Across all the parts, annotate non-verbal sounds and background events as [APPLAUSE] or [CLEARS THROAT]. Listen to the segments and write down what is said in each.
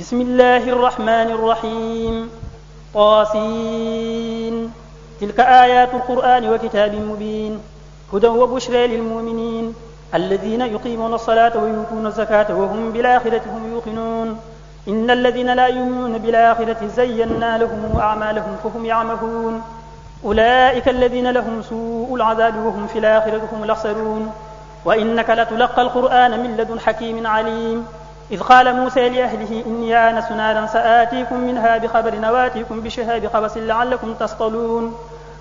bismillahi irrahmani irrahim taasin tilka ayatu alqur'ani wa kitabin mubin hudan wa bushra lilmuminin alladina yuqimuna alsalata wa yuutuna alzakata wa hum bilaxirati hum yuqinun إن الذين لا يؤمنون بالآخرة زينا لهم أعمالهم فهم يعمهون أولئك الذين لهم سوء العذاب وهم في الآخرة هم الأخسرون وإنك لتلقى القرآن من لدن حكيم عليم إذ قال موسى لأهله إني آنست نارا سآتيكم منها بخبر نواتيكم بشهاب قبس لعلكم تصطلون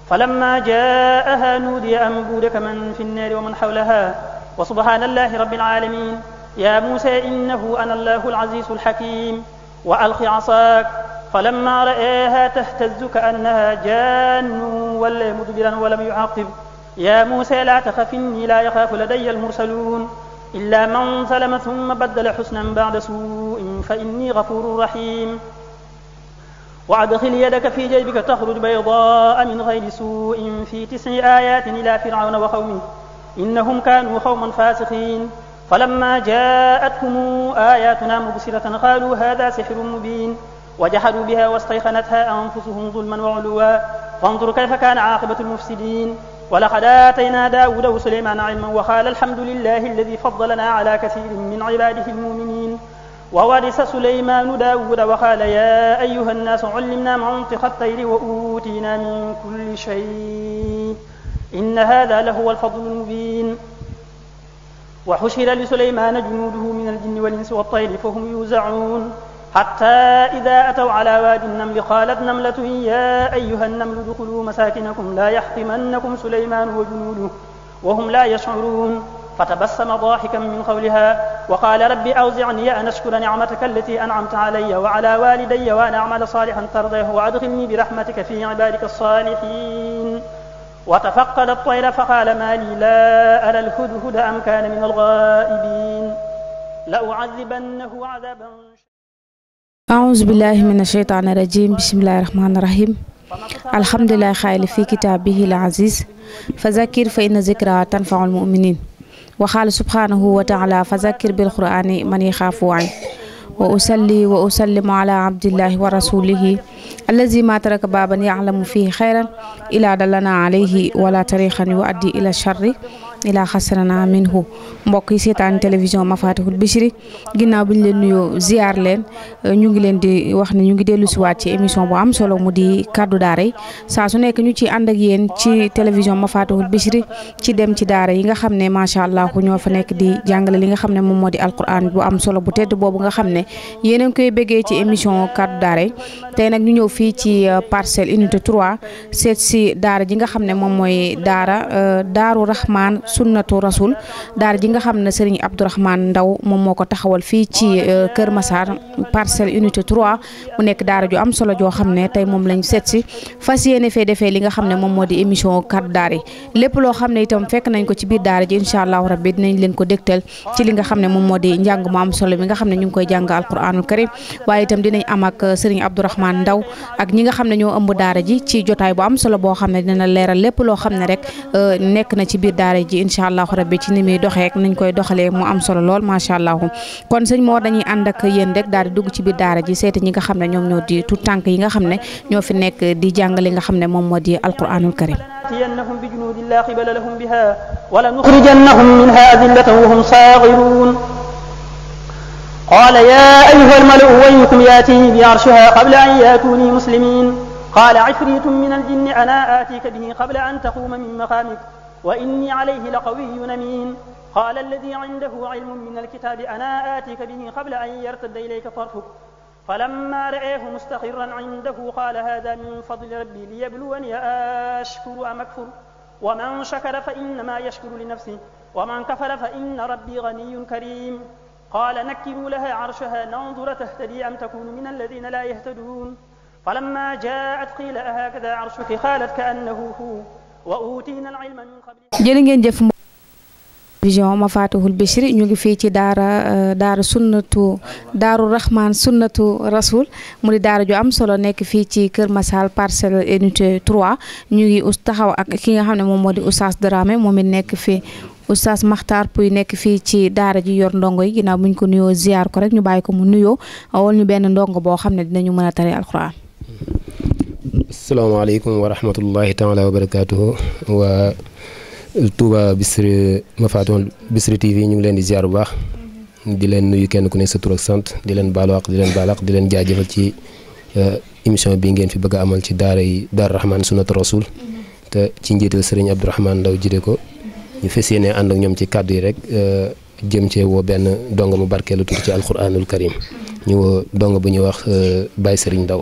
فلما جاءها نودي أن بورك من في النار ومن حولها وسبحان الله رب العالمين يا موسى إنه أنا الله العزيز الحكيم وألق عصاك فلما رآها تهتز كأنها جان ولا مدبرا ولم يعاقب يا موسى لا تخف إني لا يخاف لدي المرسلون إلا من ظلم ثم بدل حسنا بعد سوء فإني غفور رحيم وأدخل يدك في جيبك تخرج بيضاء من غير سوء في تسع آيات إلى فرعون وقومه إنهم كانوا قوما فاسقين فلما جاءتهم آياتنا مبصرة قالوا هذا سحر مبين وجحدوا بها واستيقنتها أنفسهم ظلما وعلوا فانظر كيف كان عاقبة المفسدين ولقد آتينا داود وسليمان علما وقال الحمد لله الذي فضلنا على كثير من عباده المؤمنين وورث سليمان داود وقال يا أيها الناس علمنا منطق الطير وأوتينا من كل شيء إن هذا لهو الفضل المبين وحشر لسليمان جنوده من الجن والإنس والطير فهم يوزعون حتى إذا أتوا على واد النمل قالت نملة يا أيها النمل ادخلوا مساكنكم لا يحطمنكم سليمان وجنوده وهم لا يشعرون فتبسم ضاحكا من قولها وقال رب أوزعني أن أشكر نعمتك التي أنعمت علي وعلى والدي وأن أعمل صالحا ترضيه وأدخلني برحمتك في عبادك الصالحين وتفقد الطير فقال ما لي لا أرى الهدهد أم كان من الغائبين لأعذبنه عذابا aouzu billahi min asheytaani rajim bisimilahi rahmaani rahim alhamdulilahi xayli fi kitaabihi l aziz fa zakir fa inna zikra tanfaul muminin waxaal subhanahu wa taala fa zakir bil qurani man yaxaafu an wa usalli wa usallimu ala abdillahi wa rasulihi allazi ma taraka baaban yalamu fihi xayran ila dalana alayhi wala tariqan yu addi ila charri ilaa xasrana minhu mbokk yi seetaan télévision Mafatihul Bichri ginnaaw bi ñu leen nuyoo ziar leen ñu ngi leen di wax ni ñu ngi dellu si waat ci émission bu am solo mu di kaddu daara yi saa su nekk ñu ci ànd ak yéen ci télévision Mafatihul Bichri ci dem ci daara yi nga xam ne macha allah ñoo fa nekk di jàngale li nga xam ne moom moo di alquran bu am solo bu tedd boobu nga xam ne yéen a ngi koy bëggee ci émission kaddu daara yi tey nag ñu ñëw fii ci euh, parcelle unité 3 seet si daara ji nga xam ne moom mooy daara euh, daaru sunnatu rasul daara ji nga xam ne Serigne Abdourahmane Ndaw moom moo ko taxawal fii ci euh, Kër Massar parcelle unité 3 mu nekk daara ju am solo joo xam ne tey moom lañ seet si fas yéene fee defee li nga xam ne moom moo di émission kaddu daara yi lépp xam ne itam fekk nañ ko ci biir daara ji incha allahu rabbi dinañ leen ko dégtal ci li xam ne moom moo di njàng mu am solo mi nga xam ne ñu ngi koy jàng alquranul karim waaye itam dinañ am ak euh, Serigne Abdourahmane Ndaw ak ñi nga xam ne ñoo ëmb daara ji ci jotaay bu am solo boo xam ne dina leeral lépp loo xam ne rek euh, nekk na ci biir daara ji ci incha allahu rabbi ci ni muy doxeek nañ koy doxalee mu am solo lool macha allah kon sëñ Mor dañuy ànd ak yéen rek daal di dugg ci biir daara ji seeti ñi nga xam ne ñoom ñoo di tout tànk yi nga xam ne ñoo fi nekk di jàngale nga xam ne moom moo di alquranul karim وإني عليه لقوي أمين قال الذي عنده علم من الكتاب أنا آتيك به قبل أن يرتد إليك طرفك فلما رآه مستقرا عنده قال هذا من فضل ربي ليبلوني أشكر أم أكفر ومن شكر فإنما يشكر لنفسه ومن كفر فإن ربي غني كريم قال نكروا لها عرشها ننظر تهتدي أم تكون من الذين لا يهتدون فلما جاءت قيل أهكذا عرشك قالت كأنه هو jërë ngeen jëf vision mafatihul bichri ñu ngi fii ci daara euh, daara sunnatu daaru rahman sunnatu rasul mu di daara ju am solo nekk fii ci Kër Massar parcelle unité 3 ñu ngi us taxaw ak ki nga xam ne moom moo di oustaz Dramé moom it nekk fii usas Makhtar Pouy nekk fii ci daara ji yor ndongo yi ginnaaw muñ ko nuyoo ziar ko rek ñu bàyyi ko mu nuyoo wala ñu benn ndongo boo xam ne dinañu mën a tari alxuraan salaamaaleykum wa rahmatullahi taala wa barakaatuhu waa Touba Bichri Mafatihul Bichri TV ñu ngi leen di ziar bu baax di leen nuyu kenn ku ne sa tur sant di leen baalu àq di leen baal àq di leen jaajëfal ci eh, émission bi ngeen fi bëgg a amal ci daara yi Daara Rahman Sunnat Rasul te ci njiital sëriñ Abdourahmane Ndaw jide ko ñu fas yéene ànd ak ñoom ci kàddu yi rek eh, jëm cee woo benn donga mu barkeelu tudd ci alquranul karim ñu woo donga bu ñuy wax eh, Baye Sëriñ Ndaw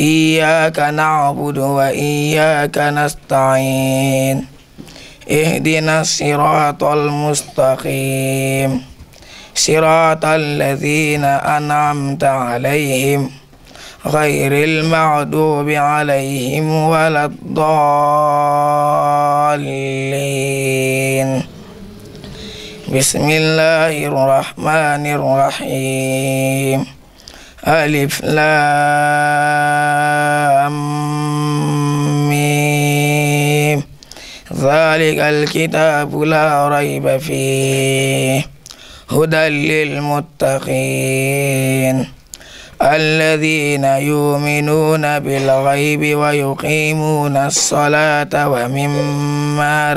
إياك نعبد وإياك نستعين اهدنا الصراط المستقيم صراط الذين أنعمت عليهم غير المغضوب عليهم ولا الضالين بسم الله الرحمن الرحيم alif laam miim zaalika alkitaabu laa rayba fiihi hudan lilmuttaqiin alladiina yu'minuuna bilghaybi wa yuqiimuuna as-salaata wa mimmaa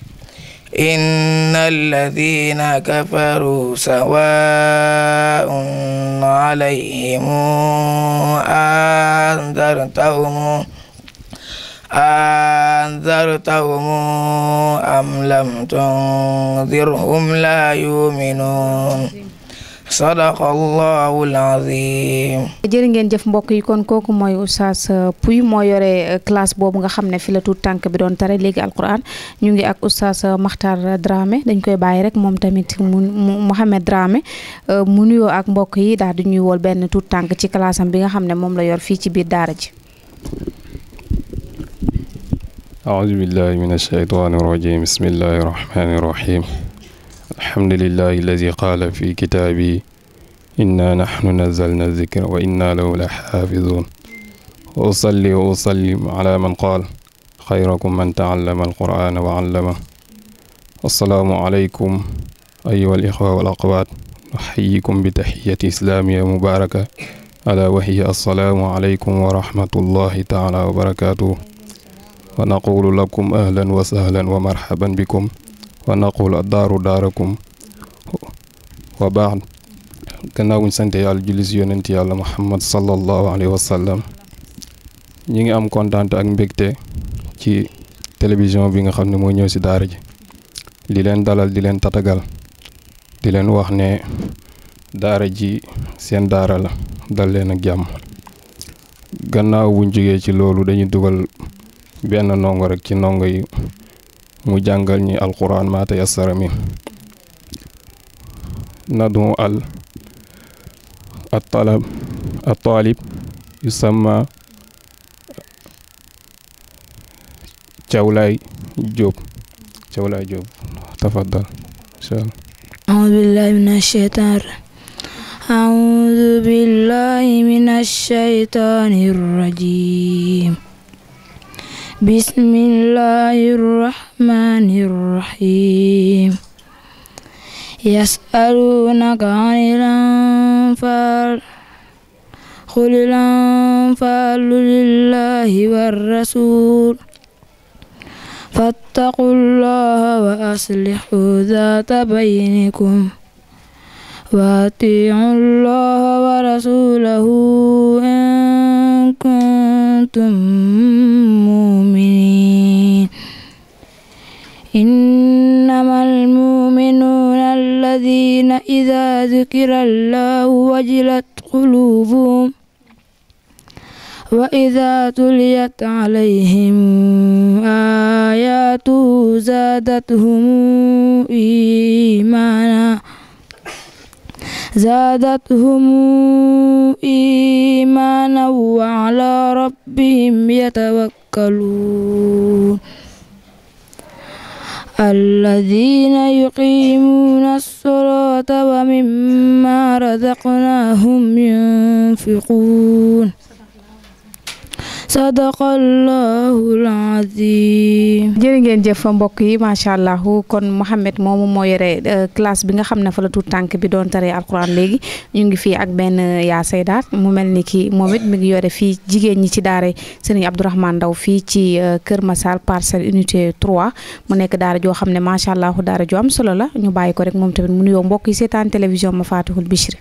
إن الذين كفروا سواء عليهم أنذرتهم أنذرتهم أم لم تنذرهم لا يؤمنون sadaqallahul azim jërë ngeen jëf mbokk yi kon kooku mooy oustaz Pouye moo yore classe boobu nga xam ne fi la tuut tànk bi doon tare léegi alquran ñu ngi ak oustaz Makhtar Dramé dañ koy bàyyi rek moom tamit mu Mouhamed Dramé euh, mu nuyoo ak mbokk yi daal di ñuy wol benn tuut tànk ci classe am bi nga xam ne moom la yor fii ci biir daara ji aoudu billahi min alsheytan irrajim bismillahi irrahmani irrahim alhamdulillahi alladi qaala fi kitaabi inna nahnu nazalna zikra wa inna lahu la xaafizuun wa usalli wa usallim ala man qaal xayrakum man taallama alqur'ana wa allama assalaamu aleykum ayuha al ixwa wal aqwaat nuxayikum bi taxiyati islaamiya mubaaraka alaa wahiya assalaamu aleykum wa rahmatullahi taala wa barakaatuh wa naqulu lakum ahlan wa sahlan wa marhaban bikum wa naqul addaaru daarakum wa baax gannaaw buñ sante yàlla julli si yonent yàlla muhammad sallallahu alayhi wa sallam ñi ngi am kontaan ak mbégte ci télévision bi nga xam ne mooy ñëw si daara ji di leen dalal di leen tatagal di leen wax ne daara ji seen daara la dal leen ak jàmm gannaaw buñ jógee ci loolu dañuy dugal benn ndongo rek ci ndongo yi mu jàngal ñi alquran maa tayassara min nadu al at talab at talib yusamma cawlaay jóob cawlaay jóob tafaddal inshallah أعوذ بالله من الشيطان أعوذ بالله من بسم الله الرحمن الرحيم يسألونك عن الأنفال قل الأنفال لله والرسول فاتقوا الله وأصلحوا ذات بينكم وأطيعوا الله ورسوله إن كنتم مؤمنين إنما المؤمنون الذين إذا ذكر الله وجلت قلوبهم وإذا تليت عليهم آياته زادتهم إيمانا زادتهم إيمانا وعلى ربهم يتوكلون الذين يقيمون الصلاة ومما رزقناهم ينفقون sadaqallahul azim jërë ngeen jëf mbokk yi macha allah kon Mouhamed moomu moo yore euh, classe bi nga xam ne fa la tuut tànk bi doon taree alquran léegi ñu ngi fii ak benn euh, yaa saydaat mu mel ni ki moom it mi ngi yore fii jigéen ñi ci seen daare sëriñ Abdourahmane Ndaw fii ci euh, Kër Massar parcelle unité 3 mu nekk daara joo xam ne macha allahu daara joo am solo la ñu bàyyi ko rek moom tamit mu nuyoo mbokk yi seetaan télévision ma faatihul Bichri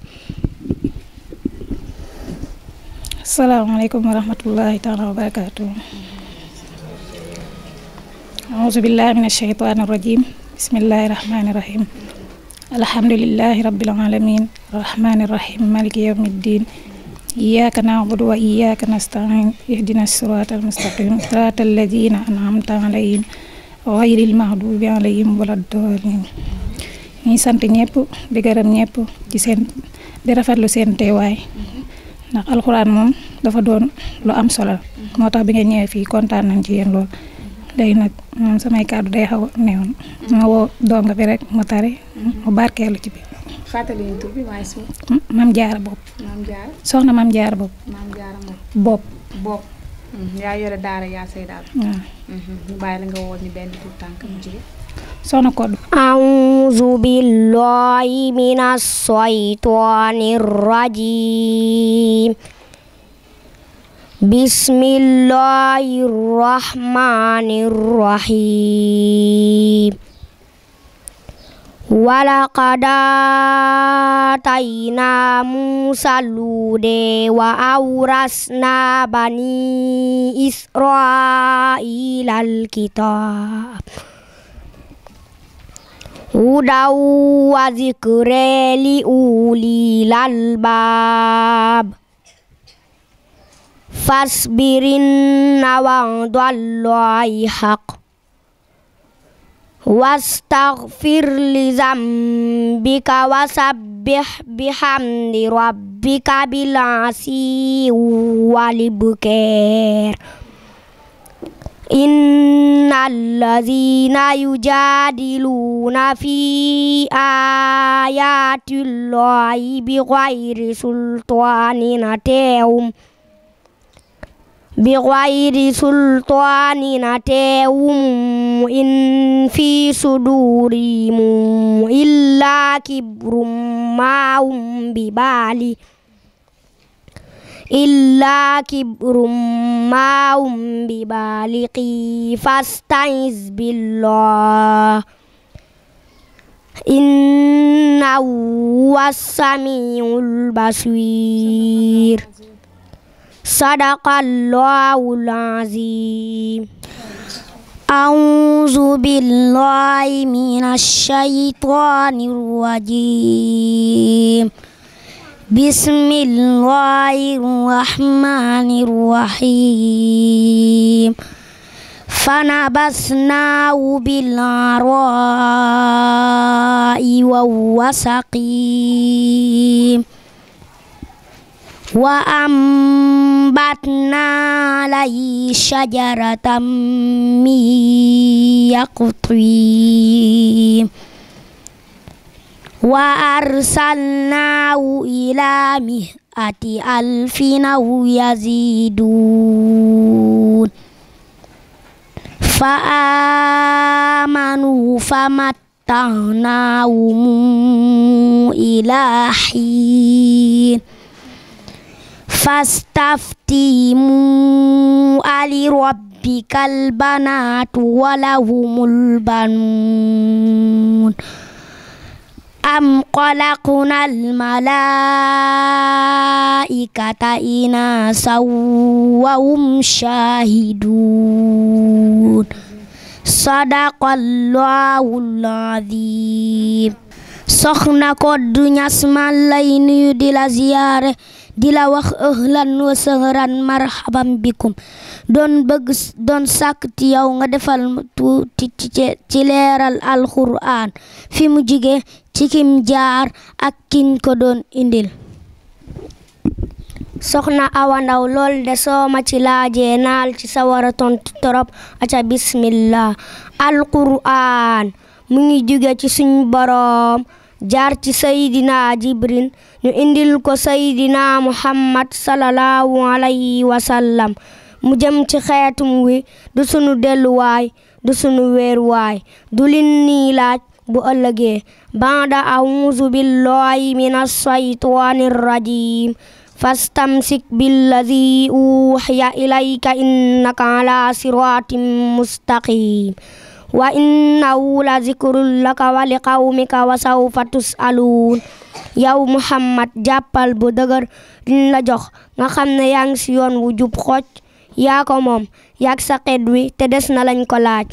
salaamaaleykum wa rahmatullahi taala wa barakaatu. auzu billahi min asheytaani rajim bismillahi rahmaani rahim. alhamdulilahi rabbil alamin rahmaani rahim maliki yawmi ddin iyyaka na'budu wa iyyaka nasta'in ihdina sirata almustaqim sirata alladina an'amta alayhim ghayril maghdubi alayhim waladdallin ñuy sant ñëpp di gërëm ñëpp ci seen di rafetlu seen teewaay ndax alxuraan moom dafa doon lu am solo moo tax bi ngeen ñëwee fii kontaan nañ ci yéen lool léegi nag moom samay kàddu day xaw a néew ma woo donga bi rek mu tari mu barkeelu ci bi fàttali ñu tur bi waaye su maam jaara bopp soxna mam jaara bopp maam jaara bopp mm-hmm. yore daara yaa say daal ñu mm-hmm. bàyyi la nga woon ni benn tànk mu soxna Koddu auzu billahi minas saytaanir rajiim bismillahir rahmanir rahiim walaqad aataynaa Muusaa al-hudaa wa هدى وذكرى لأولي الألباب فاصبرن وعد الله حق واستغفر لذنبك وسبح بحمد ربك بالعشي والإبكار إن الذين يجادلون في آيات الله بغير سلطان أتاهم بغير سلطان أتاهم إن في صدورهم إلا كبر ما هم ببالغ إلا كبر ما هم ببالغي فاستعذ بالله إنه هو السميع البصير صدق الله العظيم أعوذ بالله من الشيطان الرجيم بسم الله الرحمن الرحيم فنبذناه بالعراء وهو سقيم وأنبتنا عليه شجرة من يقطين وأرسلناه إلى مئة ألف أو يزيدون فآمنوا فمتعناهم إلى حين فاستفتهموا ألربك البنات ولهم البنون أم خلقنا الملائكة إناثا وهم شاهدون صدق الله العظيم soxna koddu ñas maa lay nuyu di la ziyaare di la wax ahlan wa sahran marhaban bikum doon bëgg doon sàkk ci yow nga defal tuuti ci leeral alxuraan fi mu jige ci kim jaar ak kiñ ko doon indil soxna Awa Ndaw lool de soo ma ci laajee naal ci sawara tontu torop aca bismillah alquraan mu ngi jóge ci suñ boroom jaar ci saydina jibril ñu indil ko saydina muhammad sallallahu alayhi wa sallam mu jëm ci xeetum wi du sunu delluwaay du sunu weeruwaay du lin nii laaj bu ëllëgee banda auzu billahi min alshaytani irrajim fastamsik billadi uuxiya ilayka innaka ala siratin mustaqim wa innahu la zikrun laka wa li qawmika wa sawfa tusaluun yow Muhammad jàppal bu dëgër liñ la jox nga xam ne yaa ngi si yoon wu jub xoj yaa moom yaag sa wi te des na lañ ko laaj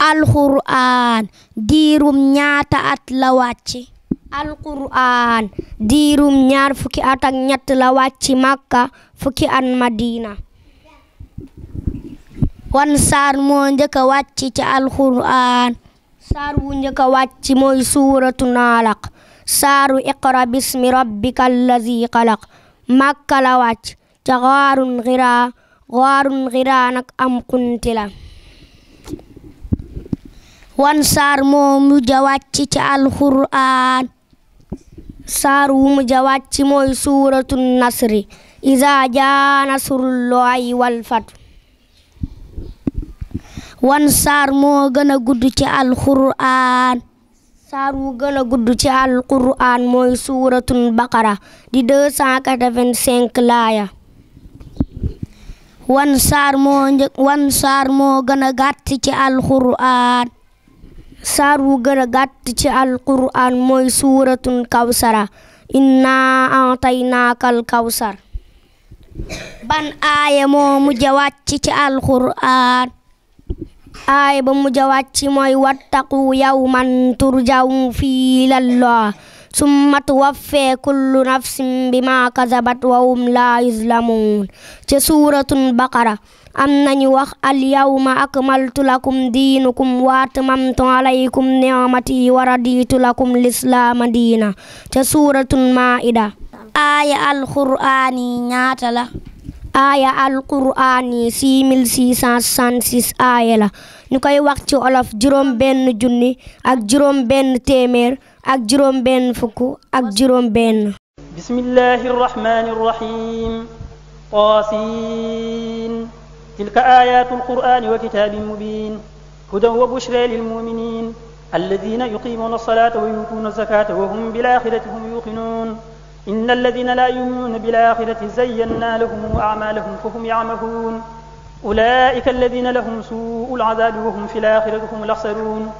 alxuraan diirum ñaata at la wàcc alxuraan diirum ñaar fukki at ak ñett la wàcc màkka fukki at madina wan saar moo njëkk a wàcc ci alxuraan saar wu njëkk a wàcc mooy suuratu naalaq saaru iqra bismi rabbika allazi xalaq màkka la wàcc ca xaarun xiraa xaarun xiraa nag am kunti la wan saar moo mujj a wàcc ci alxuraan saar wu mujj a mooy suuratu nasri izaa jaa nasrullaahi wal fatu wan saar moo gën a gudd ci alxuraan saar wu gën a gudd ci alquran mooy suuratul baqara wan saar moo wan saar moo gën a gàtt alqur'aan saar wu gën a gàtt ci alqur'aan mooy suuratun kawsara inna a'taynaaka alkawsar ban aaya mo mujj wàcc ci alqur'aan aaya ba mujj wàcc mooy wattaqu yawman turjaw fii ilallah summa tuwaffee kullu nafsin bima kasabat wa hum laa yuzlamuun ci suuratul baqara am nañu wax alyawma akmaltu lakum diinukum wa atmamtu alaykum ni'mati wa raditu lakum diina ca suuratul maa'ida aaya alqur'aani ñaata la aaya alqur'aani 6666 aaya la ñu koy wax ci olof juróom benn junni ak juróom benn téeméer ak juróom benn fukk ak juróom benn bismillahi arrahmani arrahim taasin tilka ayatu alqurani wa kitabin mubin hudan wa bushra lilmuminin alladina yuqimuna alsalata wa yutuna alzakata wa hum bilaxirati hum yuqinun inna alladina la yuminuna bilaxirati zayanna lahum amalahum fahum yamahun أولئك الذين لهم سوء العذاب وهم في الآخرة هم الأخسرون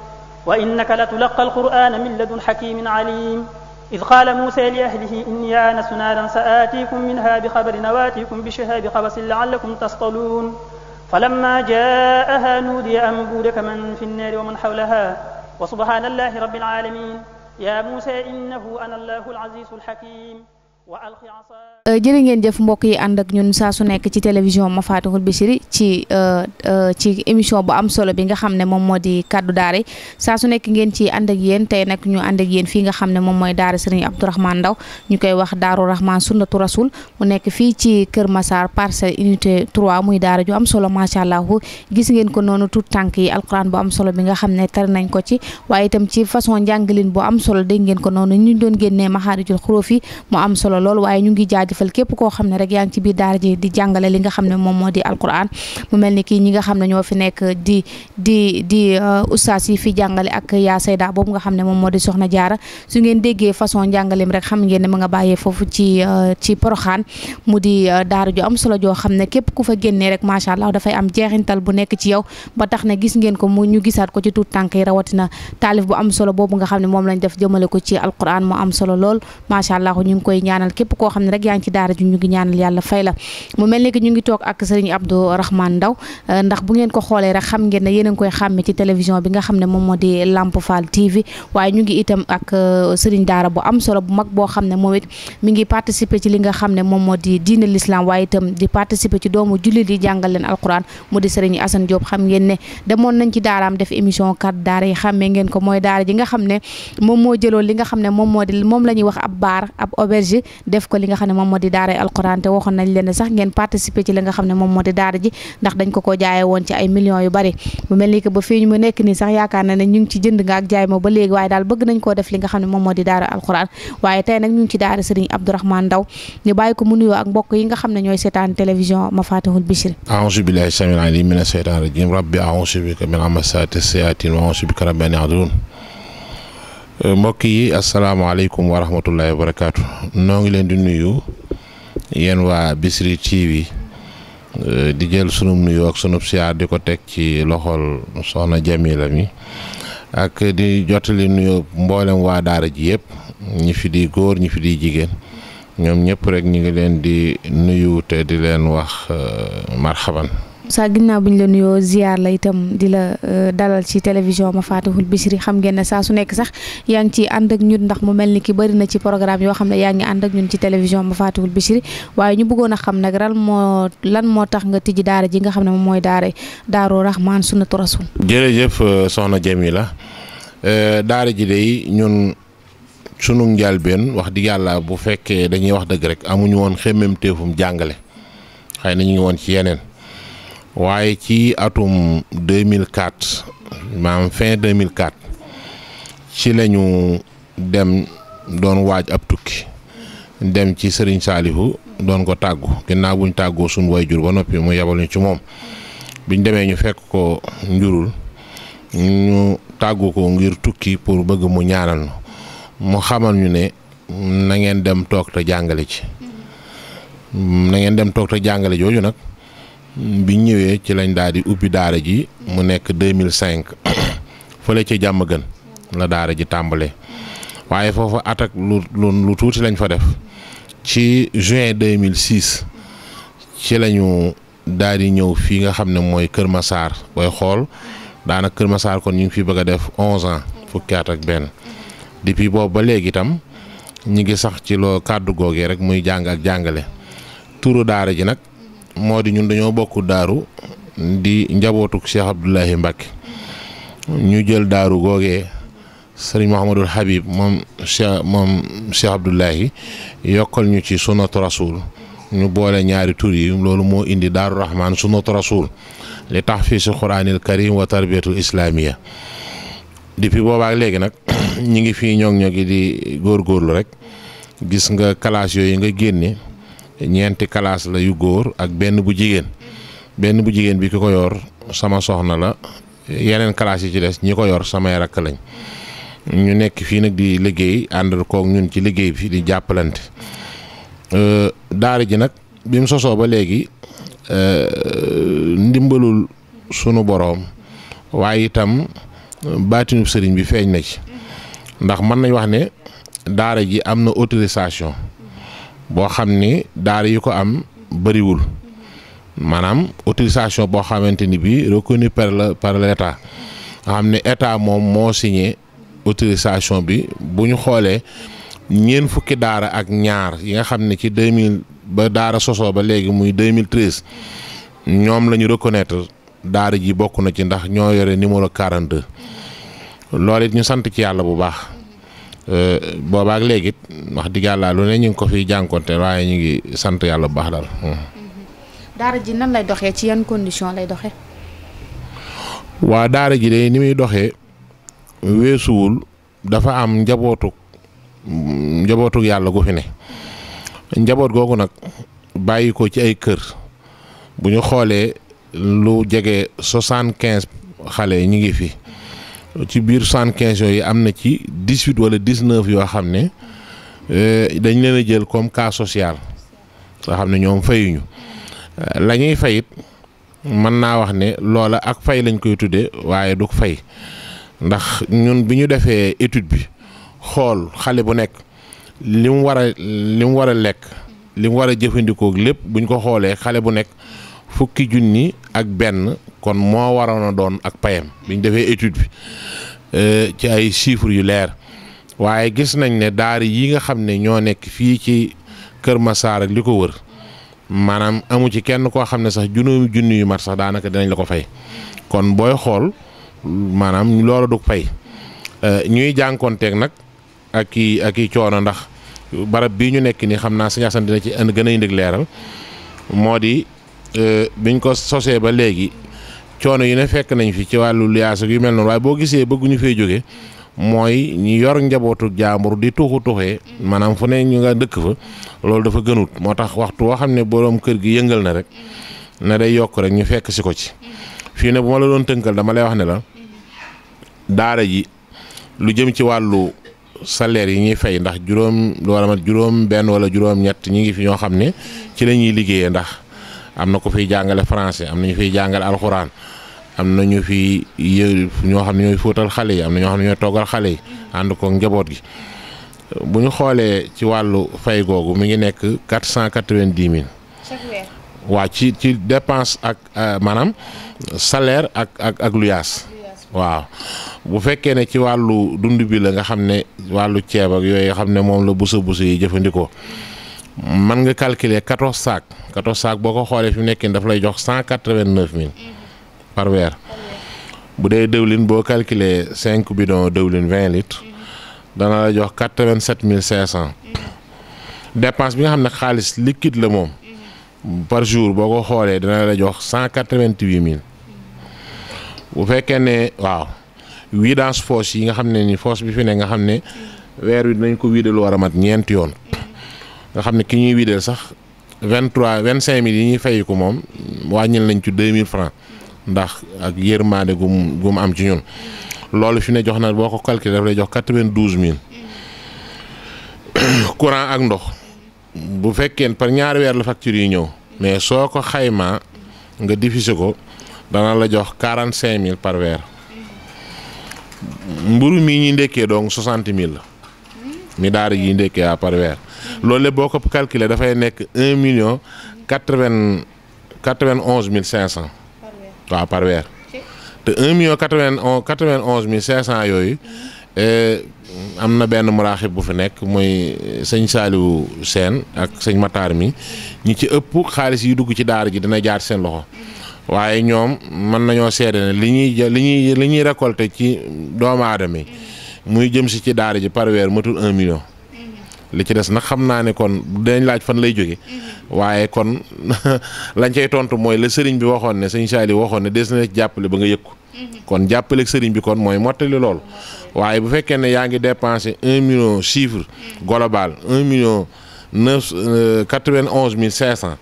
وإنك لتلقى القرآن من لدن حكيم عليم إذ قال موسى لأهله إني آنست نارا سآتيكم منها بخبر نواتيكم بشهاب قبس لعلكم تصطلون فلما جاءها نودي أن بورك من في النار ومن حولها وسبحان الله رب العالمين يا موسى إنه أنا الله العزيز الحكيم Euh, jërë ngeen jëf mbokk yi ànd ak ñun saa su nekk ci télévision Mafatihul Bichri ci euh, euh, ci émission bu am solo bi nga xam ne moom moo di kaddu daara yi su nekk ngeen ci ànd ak yéen tey nag ñu ànd fii nga xam ne moom mooy daara sëriñ Abdourahmane Ndaw ñu koy wax Daaru Rahman Sunnatu Rasul mu nekk fii ci Kër Massar parce unité 3 muy daara ju am solo macha allah gis ngeen ko noonu tout tànk yi alquran bu am solo bi nga xam ne tar nañ ko ci waaye itam ci façon njàngalin bu am solo dégg ngeen ko noonu ñu doon génnee maxaarijul xuróof yi mu am solo lool waaye ñu ngi jaajëfal képp koo xam ne rek yaa ngi ci biir daara ji di jàngale li nga xam ne moom moo di alquran mu ni kii ñi nga xam ne ñoo fi nekk di di di uh, ustaas yi fi jàngale ak yaa sayda boobu nga xam ne moom moo di soxna jaara su ngeen déggee façon njàngaleem rek xam ngeen ne ma nga bàyyee foofu ci uh, ci poroxaan mu di uh, daara ju am solo joo xam ne képp ku fa génnee rek macha allah dafay am jeexintal bu nekk ci yow ba tax na gis ngeen ko mu ñu gisaat ko ci tuut tànk yi rawatina taalif bu am solo boobu nga xam ne moom lañ def jëmale ko ci alquran mu am solo lool macha allah ñu koy ñaanal ñaanal képp koo xam ne rek yaa ngi ci daara ji ñu ngi ñaanal yàlla fay la mu mel ni que ñu ngi toog ak sëriñ Abdou Rahman Ndaw euh, ndax bu ngeen ko xoolee rek xam ngeen ne yéen a ngi koy xàmme ci télévision bi nga xam ne moom moo di Lamp Fall TV waaye ñu ngi itam ak euh, sëriñ daara bu am solo bu mag boo xam ne moom it mi ngi participer ci li nga xam ne moom moo di diine l'islam waaye itam di participer ci doomu jullit yi jàngal leen alquran mu di sëriñ Assane Diop xam ngeen ne demoon nañ ci daaraam def émission carte daara yi xàmmee ngeen ko mooy daara ji nga xam ne moom moo jëloon li nga xam ne moom moo di moom la ñuy wax ab baar ab auberge def ko li nga xam ne moom moo di daaray alquran te waxoon nañ leen sax ngeen participer ci li nga xam ne moom moo di daara ji ndax dañ ko koo jaayee woon ci ay millions yu bari bu mel ni que ba fii ma nekk nii sax yaakaar na ne ci jënd nga ak jaay ma ba léegi waaye daal bëgg nañ koo def li nga xam ne moom moo di daara alquran waaye tey nag ñu ci daara Serigne Abdourahmane Ndaw ñu bàyyi ko mu nuyoo ak mbokk yi nga xam ne ñooy seetaan télévision mbokk yi asalaamaaleykum wa rahmatullahi wa barakaatu noo ngi leen di nuyu yéen waa Bichri TV euh, di jël sunum nuyu ak sunub siyaar di ko teg ci loxol soxna Jamila mi ak di jottali nuyu mboolem waa daara ji yëpp ñi fi di góor ñi fi di jigéen ñoom ñëpp rek ñu ngi leen di nuyu te di leen wax euh, marxaban Moussa ginnaaw bi ñu la nuyoo ziar la itam di la euh, dalal ci télévision ma Fatihul Bichri xam ngeen ne saa su nekk sax yaa ngi ci ànd ak ñun ndax mu mel ni ki bëri na ci programme yoo xam ne yaa ngi ànd ak ñun ci télévision ma Fatihul Bichri waaye ñu bëggoon a xam nag ran moo lan moo tax nga tijji daara ji nga xam ne moom mooy daara daaru Rahman Sunnatu Rasul. jërëjëf euh, soxna Jamila euh, daara ji de ñun sunu njëlbeen wax dëgg yàlla bu fekkee dañuy wax dëgg rek amuñu woon xemmemteefum jàngale na ñu woon ci yeneen. waaye ci atum 2004 maam fin 2004 ci lañu dem doon waaj ab tukki dem ci Serigne Saalihu doon ko tàggu ginnaaw buñ tàggoo suñ jur ba noppi mu yebal ñu ci moom biñ demee ñu fekk ko njurul ñu tàggu ko ngir tukki pour bëgg mu ñaanal mu xamal ñu ne nangeen dem toog te jàngale ci mm-hmm. na ngeen dem toog te jàngale jooju nag biñ ñëwee ci lañ daal di ubbi daara ji mu nekk 2005 [COUGHS] fële ci jàmm gën la daara ji tàmbalee waaye foofu at ak lu tuuti lañ fa def ci juin 2006 ci lañu daal di ñëw fii nga xam ne mooy Kër Massar booy xool daanaka Kër Massar kon ñu fi bëgg a def 11 ans fukki at benn depuis boobu ba léegi itam ñu ngi sax ci loo kàddu googee rek muy jàng ak jàngale turu daara ji nag. moo di ñun dañoo bokk daaru di njabootuk Cheikh Abdoulahi Mbacke ñu jël daaru googee sëriñ Mouhamadul Habib moom Cheikh moom Cheikh Abdoulahi yokkal ñu ci sunnatu rasul ñu boole ñaari tur loolu moo indi daaru rahman sunnatu rasul li tax fii si quraanil karim wa tarbiyatul islamiya depuis boobaak léegi nag [CLEARS THROAT] ñi ngi fii ñoog ñoogi di góor góorlu rek gis nga classe yooyu nga génne ñeenti kalaas la yu góor ak benn bu jigéen benn bu jigéen bi ki ko yor sama soxna la yeneen kalaas yi ci des ñi ko yor samay rakk lañ ñu nekk fii nag di liggéey àndal kook ñun ci liggéey bi di jàppalante euh, daara ji nag bi mu sosoo ba léegi euh, ndimbalul sunu boroom waaye itam baatinub sëriñ bi feeñ na ci ndax mën nañ wax ne daara ji am na autorisation boo xam ni daara yi ko am bëriwul maanaam autorisation boo xamante ni bii reconnue par le par l'état nga xam ne état moom moo signé autorisation bi bu ñu xoolee ñeent fukki daara ak ñaar yi nga xam ne ci 2000 ba daara sosoo ba léegi muy 2013 ñoom lañu ñu reconnaître daara ji bokk na ci ndax ñoo yore numéro 42 loolu ñu sant ci yàlla bu baax. Euh, boobaak léegi wax dëgg yàlla lu ne ñu ngi ko fiy jànkoonte waaye ñu ngi sant yàlla bu baax daal. Hmm. Mm-hmm. daara ji nan lay doxee ci yan condition lay doxee. waa daara ji de ni muy doxee weesuwul dafa am njabootuk njabootuk yàlla gu fi ne njaboot googu nag bàyyi ko ci ay kër bu ñu xoolee lu jege soixante quinze xale ñu ngi fi. ci biir soixante quinze yi am na ci dix huit wala dix neuf yoo xam ne euh, dañ leen a jël comme cas sociale nga xam ne ñoom fayuñu euh, lañuy ñuy fayit mën naa wax ne loola ak fay lañ koy tuddee waaye du fay ndax ñun bi ñu defee étude bi xool xale bu nekk li mu war a li mu war a lekk li mu war a jëfandikoo lépp buñ ko xoolee xale bu nekk. fukki junni ak benn kon moo waroon a doon ak payam biñ defee étude bi euh, ci ay chiffres yu leer waaye gis nañ ne daara yi nga xam ne ñoo nekk fii ci Kër Massar ak li ko wër maanaam amu ci kenn koo xam ne sax junóomi junni yu mat sax daanaka dinañ la ko fay kon booy xool maanaam loolu du fay euh, ñuy jànkoonteeg nag ak i ak i coono ndax barab bii ñu nekk nii xam naa sañaasan dina ci ënd gën a indi leeral moo di Euh, biñ ko sosee ba léegi coono yi ne fekk nañ fi ci wàllu liyaas yu mel noonu waaye boo gisee bëgguñu fee jóge mooy ñi yor njabootu jaambur di tuxu tuxee maanaam fu ne ñu nga dëkk fa loolu dafa gënut moo tax waxtu woo xam ne boroom kër gi yëngal na rek na day yokk rek ñu fekk si ko ci fii ne bu ma la doon tënkal dama lay wax ne la daara ji lu jëm ci wàllu salaire yi ñuy fay ndax juróom lu war mat juróom benn wala juróom ñett ñi ngi fi ñoo xam ne ci la ñuy liggéeyee ndax am na ko fiy jàngale francais am na ñu fiy jàngale alxuraan am na ñu fi yë ñoo xam ne ñooy fóotal xale yi am na ñoo xam ne ñooy toggal xale yi ànd ko njaboot gi bu ñu xoolee ci wàllu fay googu mi ngi nekk quatre cent quatre-vingt-dix mille waaw ci ci dépense ak euh, maanaam salaire ak ak ak waaw bu fekkee ne ci wàllu dund bi la nga xam ne wàllu ceeb ak yooyu nga xam ne moom la busa busa yi jëfandikoo man nga calculer quatorze sac quatorze sac boo ko xoolee fi mu nekk daf lay jox cent quatre-vingt-neuf mille par weer bu dee dëwlin boo calculer cinq bi bidon dëwlin vingt litres dana la jox quatre-vingt-sept mille cinq cent dépense bi nga xam ne xaalis liquide la moom par jour boo ko xoolee dana la jox cent quatre-vingt-huit mille bu fekkee ne waaw vidange fosse yi nga xam ne nii foos bi fi ne nga xam ne weer wi dinañ ko vider lu war a mat ñeenti yoon. nga xam ne ki ñuy wideel sax vingt trois vingt cinq mille yi ñuy ko moom wàññil nañ ci deux mille francs ndax ak yërmaande gu mu gu mu am ci ñun loolu fi ne jox na boo ko calculer daf lay jox quatre vingt douze mille [COUGHS] courant ak ndox bu fekkee par ñaari weer la facture yi ñëw mais soo ko xaymaa nga diffuser ko dana la jox quarante cinq mille par weer mburu mi ñuy ndekkee donc soixante mille la hmm. mi daara yi ndekkee par weer. loolu lépp boo ko calculer dafay nekk un million quatre vingt quatre vingt onze mille cinq cent. waa par weer. te un million quatre vingt on quatre vingt onze mille cinq cent yooyu. Eh, am na benn muraaxib bu fi nekk mooy eh, sëñ Saliou Sène ak sëñ Matar mi ñi ci ëpp xaalis yi dugg ci daara ji dina jaar seen loxo waaye ñoom mën nañoo seede ne li ñuy li ñuy li ñuy récolté ci doomu mi yi muy jëm si ci daara ji par weer matul un million. li ci des nag xam naa ne kon dañ laaj fan lay jóge mhm. waaye kon [LAUGHS] lañ cay tontu mooy la sëriñ bi waxoon ne sëñ Saali waxoon ne des na jàppale ba nga yëg ko mhm. kon jàppaleeg sëriñ bi kon mooy mottali lool waaye bu fekkee ne yaa ngi dépensé un million chiffre mhm. global un million neuf euh, quatre-vingt-onze mille cinq cent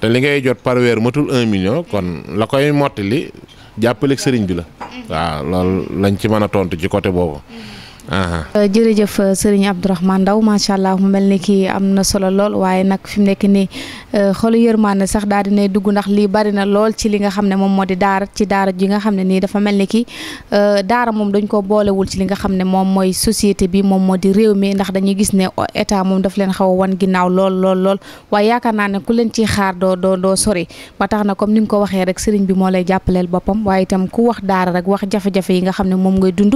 te li ngay jot parweer weer matul un million kon la koy mottali jàppaleeg sëriñ bi la waaw loolu lañ ci mën a tontu ci côté boobu Euh, jërëjëf euh, sëriñ Abdourahmane Ndaw macha allah mu mel ni kii am na solo lool waaye nag fi mu nekk nii euh, xolu yërmaane sax daal dinay dugg ndax lii bari na lool ci li nga xam ne moom moo di daara ci daara ji nga xam ne nii dafa mel ni kii daara moom dañ ko boolewul ci li nga xam ne moom mooy société bi moom moo di réew mi ndax dañuy gis ne état moom daf leen xaw wan ginnaaw lool lool lool waaye yaakaar naa ne ku leen ciy xaar doo doo sori ba tax na comme ni nga ko waxee rek sëriñ bi moo lay jàppaleel boppam waaye itam ku wax daara rek wax jafe-jafe yi nga xam ne moom ngay dund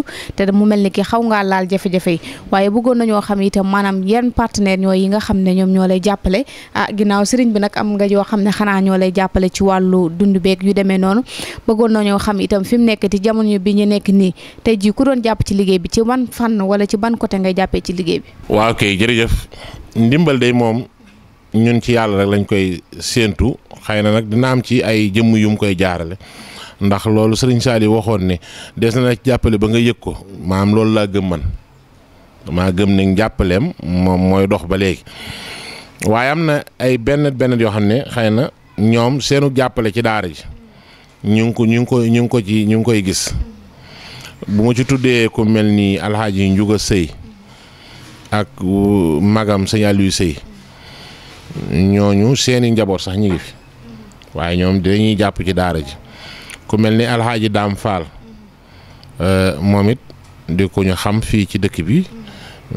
mu mel ni ki xaw nga faa laal jafe-jafe yi waaye bëggoon nañoo xam itam maanaam yenn partenaire ñooy yi nga xam ne ñoom ñoo lay jàppale ah ginnaaw sëriñ bi nag am nga yoo xam ne xanaa ñoo lay jàppale ci wàllu dund beeg yu demee noonu bëggoon nañoo xam itam fi mu nekk ci jamono bi ñu nekk nii te jii ku doon jàpp ci liggéey bi ci ban fànn wala ci ban côté ngay jàppee ci liggéey bi waaw kay jërëjëf ndimbal day moom ñun ci yàlla rek lañ koy séentu xëy na nag dina am ci ay jëmm yu mu koy jaarale ndax loolu sëriñ Saliou waxoon ni des na nag jàppale ba nga yëg ko maam loolu laa gëm man maa gëm ne jàppaleem moom mooy dox ba léegi waaye am na ay benn benn yoo xam ne xëy na ñoom seenu jàppale ci daara ji ñu ko ñu ngi ko ñu ngi ko ci ñu ngi koy gis bu ma ci tuddee ko mel ni alxaaji a Sëy ak magam sëñ Aliou Sëy ñooñu seeni njaboot sax ñu ngi fi waaye ñoom dañuy jàpp ci daara ji ku mel ni alxaaji daam faal euh, moom it di ko xam fii ci dëkk bi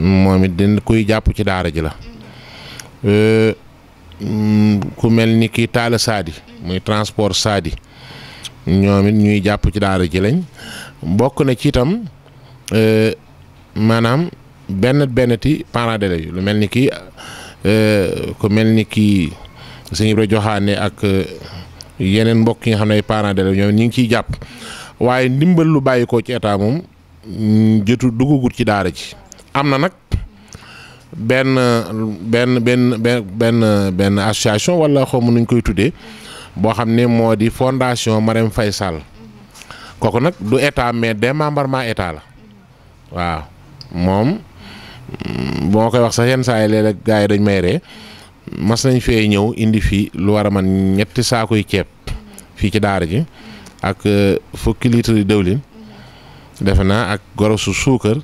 moom it di kuy jàpp ci daara ji la euh, ku mel ni kii taala saadi muy transport saadi ñoom ñuy jàpp ci daara ji lañ bokk na ci itam euh, maanaam benn benn ti parents d'élèves yi lu mel ni kii ku mel ni kii sëñ Ibra joxaane ak yeneen mbokk yi nga xam ne ay parents d'élèves ñoom ñu ngi ciy jàpp waaye ndimbal lu bàyyikoo ko ci état moom mm, jëtu duggagut ci daara ji am na nag benn benn benn benn benn benn association wala xaw nuñ koy tuddee boo xam ne moo di fondation Marème Faye Sall kooku nag du état mais démembrement état la waaw moom mm, boo koy wax sax yenn saa yi léeg-léeg yi dañ may ree mas nañ fee ñëw indi fii lu war a man ñetti saakuy ceeb fii ci daara ji ak euh, fukki litre yu dëwlin defe naa ak gorosu suukar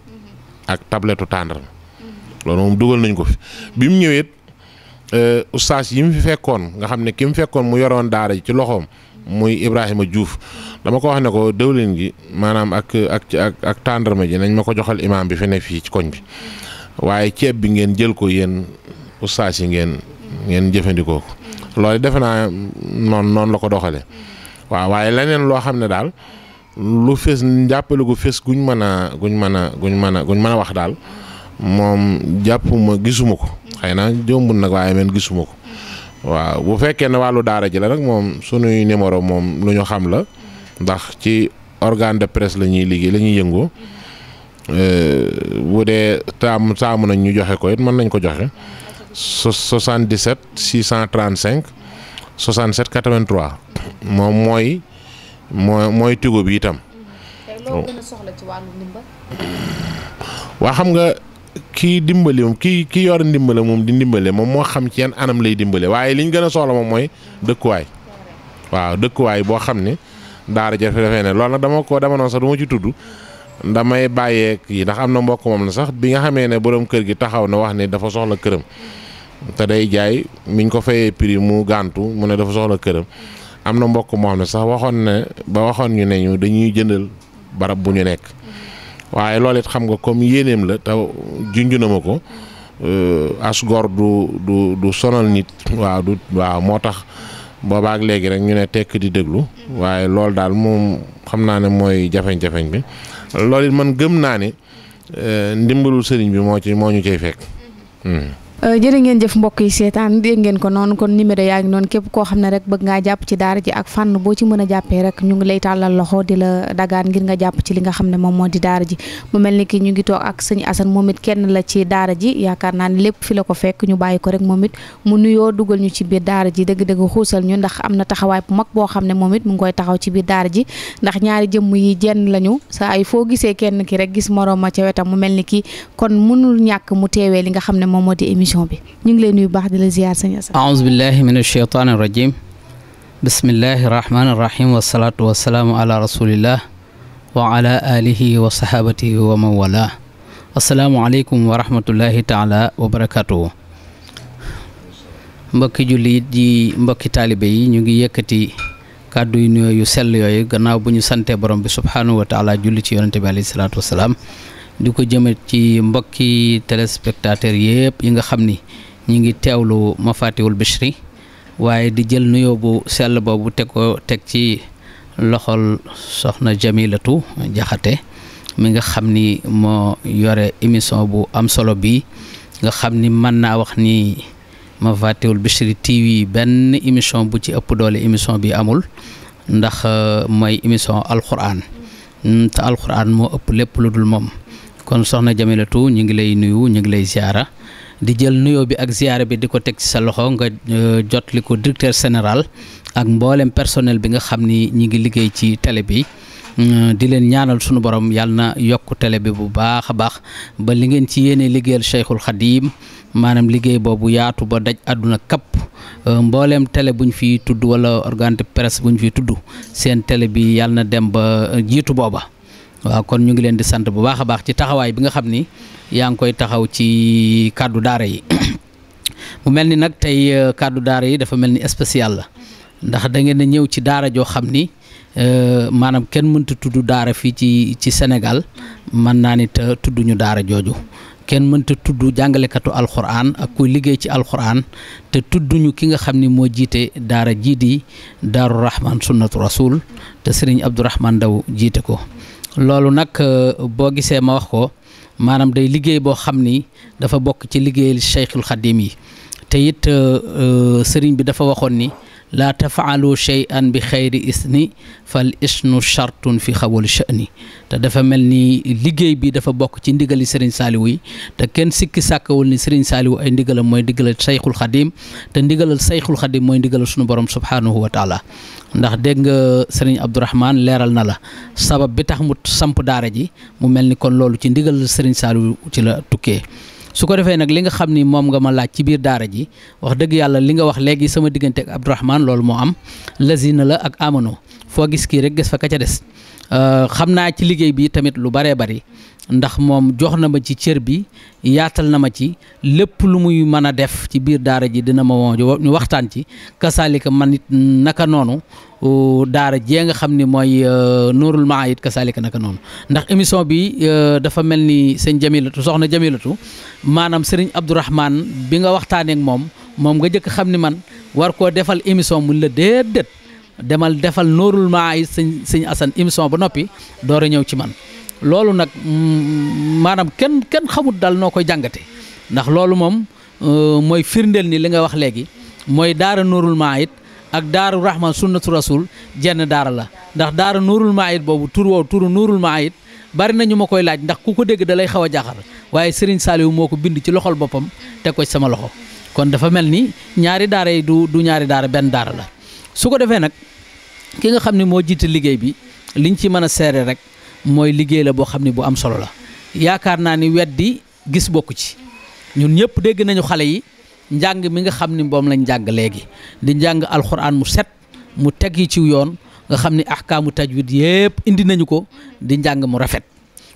ak tabletu tàndar loolu moom dugal nañ ko fi bi mu ñëwee euh, ustaas yi mu fi fekkoon nga xam ne ki mu fekkoon mu yoroon daara ji ci loxoom muy Ibrahima juuf dama ko wax ne ko dëwlin gi maanaam ak ak ak ak tàndarma ji nañ ma ko joxal imaam bi fi ne fii ci koñ bi waaye ceeb bi ngeen jël ko yéen ustaas yi ngeen ngeen jëfandikoo ko loolu defe naa noonu noonu la ko doxalee waaw waaye leneen loo xam ne daal lu fees jàppale gu fës guñ mën a guñ mën a guñ mën a guñ mën a wax daal moom jàppuma gisuma ko xëy na jombul nag waaye men gisuma ko waaw bu fekkee ne wàllu daara ji la nag moom sunuy numéro moom lu ñu xam la ndax ci organe de presse la ñuy liggéey la ñuy yëngoo euh, bu dee taamu taamu nañ ñu joxe ko it mën nañ ko joxe. 77 635 67 83 moom mooy mooy mooy tigo bi itam. loo gën a soxla ci wàllu ndimbal. waa xam nga kii dimbali moom kii kii yor ndimbale moom di ndimbale moom moo xam ci yan anam lay dimbale waaye liñ gën a soxla moom mooy dëkkuwaay. waaw dëkkuwaay boo xam ni daara jafe-jafe ne loolu nag dama ko dama noonu sax du ci tudd. damay bàyyee kii ndax am na mbokk moom na sax bi nga xamee ne borom kër gi taxaw na wax ne dafa soxla këram te day jaay mi ko fayee prix mu gàntu mu ne dafa soxla këram am na mbokk moo xam ne sax waxoon ne ba waxoon ñu ne ñu dañuy jëndal barab bu ñu nekk waaye loolu it xam nga comme yéeneem la te junju na ko euh, as gor du du du sonal nit waaw du waaw moo tax boobaak léegi rek ñu ne tekk di déglu waaye loolu daal moom xam naa ne mooy jafeñ-jafeñ bi loolu man gëm naa ne euh, ndimbalul sëriñ bi moo ci moo ñu cay fekk. Mm-hmm. Mm. Euh, jërë ngeen jëf mbokk yi seetaan dégg ko noonu kon numéro yaa ngi noonu képp koo xam ne rek bëgg nga jàpp ci daara ji ak fànn boo ci mën a jàppee rek ñu ngi lay tàllal loxo di li nga xam ne moom moo di daara ji mu ngi toog ak sëñ Assane moom kenn la ci daara ji yaakaar naa ne lépp fi la ko fekk ñu bàyyi ko rek moom it mu nuyoo dugal ñu ci biir daara ji dëgg-dëgg xuusal ñu ndax am na taxawaay bu mag boo xam ne moom it mu ngi koy taxaw ci biir daara ji ndax ñaari jëmm yi jenn lañu sa ay foo gisee kenn ki rek gis moroom ma ca mu mel ni ki kon mënul ñàkk mu teewee li nga xam ne moom moo di émission bi ñu ngi lay nuyu baax di la ziyaar sëñ Assane aouzu billahi min asheytaani rajim bismillahi rahmaani rahim wasalaatu wasalaamu ala rasulillah wa ala taala wa barakatuhu mbokki jullit yi mbokki taalibe ñu ngi yëkkati kàddu yu nuyoo yu sell yooyu gannaaw bu ñu santee borom bi subhaanahu wa julli ci yonente bi salaatu wasalaam di ko jëme ci mbokki téléspectateur yëpp yi nga xam ni ñu ngi teewlu Mafatihul Bichri waaye di jël nuyoo bu sell boobu teg teg ci loxol soxna Jamilatu Jaxate mi nga xam ni ma yore émission bu am solo bi nga xam ni mën naa wax ni ma Mafatihul Bichri TV benn émission bu ci ëpp doole émission bi amul ndax euh, mooy émission alxuraan mm, te alxuraan moo ëpp lépp lu dul moom kon soxna Jamilatu ñu ngi lay nuyu ñu ngi lay ziara di jël nuyoo bi ak ziara bi di ko teg ci sa loxo nga euh, jot li ko directeur général ak mboolem personnel bi nga xam ni ñi ngi liggéey ci télé bi euh, di leen ñaanal sunu borom yàlla na yokk télé bi bu baax a baax ba li ngeen ci yéene liggéeyal Cheikhul Khadim maanaam liggéey boobu yaatu ba daj àdduna kapp euh, mbooleem télé buñ fiy tudd wala organe de presse buñ fiy tudd seen télé bi yàlla na dem ba jiitu booba waaw kon ñu ngi leen di sant bu baax a baax ci taxawaay bi nga xam ni yaa ngi koy taxaw ci kàddu daara yi [COUGHS] mu mel ni nag tey euh, kàddu daara yi dafa mel ni spécial la ndax dangeen ngeen ñëw ci daara joo xam ni euh, maanaam kenn mënta tudd daara fii ci ci Sénégal mën naa ni tudduñu daara jooju kenn mënta tudd jàngalekatu alxuraan ak kuy liggéey ci alxuraan te tudduñu ki nga xam ni moo jiite daara jii di daaru rahman sunnatu rasul te sëriñ Abdourahman Ndaw jiite ko loolu nag euh, boo gisee ma wax ko maanaam day liggéey boo xam ni dafa bokk ci liggéeyal Cheikhul Khadim yi te it euh, euh, sëriñ bi dafa waxoon ni laa tafaalu cheyan bi xayri isni fal isnu chartun fi xawali chani te dafa mel ni liggéey bi dafa bokk ci ndigali Serigne Saliou yi te kenn sikki sàkkawul ni Serigne Saliou ay ndigalam mooy ndigalal sayxul xadim te ndigalal sayxul xadim mooy ndigalal sunu borom subhanahu wa taala ndax dégg nga Serigne Abdourahmane leeral na la sabab bi tax mu samp daara ji mu mel ni kon loolu ci ndigalal Serigne Saliou ci la tukkee su ko defee nag li nga xam ni moom nga ma laaj ci biir daara ji wax dëgg yàlla li nga wax léegi sama diggante ak Abdourahmane loolu moo am lazina la ak amano foo gis kii rek gis fa ka ca des euh, xam naa ci liggéey bi tamit lu baree bari ndax moom jox na ma ci cër bi yaatal na ma ci lépp lu muy mën a def ci biir daara ji dina ma woo ñu waxtaan ci kasaalika man it naka noonu daara jee nga xam ni mooy e, nuurul maa it kasaalika naka noonu ndax émission bi e, dafa mel ni sëñ jamilatu soxna jamilatu maanaam sëriñ abdourahman bi nga waxtaaneek moom moom nga jëkk xam ni man war koo defal émission mu la déedéet demal defal nuurul maa it sëñ sëñ asan émission ba noppi door a ñëw ci man loolu nag mm, maanaam kenn kenn xamut dal noo koy jàngate ndax loolu moom euh, mooy firndeel ni li nga wax léegi mooy daara nuurul maahid ak daaru rahman sunnatu rasul jenn daara la ndax daara nuurul maahid boobu tur woowu turu nuurul maahid bari na ñu ma koy laaj ndax ku ko dégg da lay xaw a jaaxal waaye Serigne Saliou moo ko bind ci loxol boppam te ko ci sama loxo kon dafa mel ni ñaari daara yi du du ñaari daara benn daara la su ko defee nag ki nga xam ne moo jiite liggéey bi liñ ci mën a seere rek. mooy liggéey la boo xam ne bu am solo la yaakaar naa ni weddi gis bokku ci ñun ñëpp dégg nañu xale yi njàng mi nga xam ni moom lañ jàng léegi di njàng alxuraan mu set mu teg yi ci yoon nga xam ni ahkaamu wit yëpp indi nañu ko di njàng mu rafet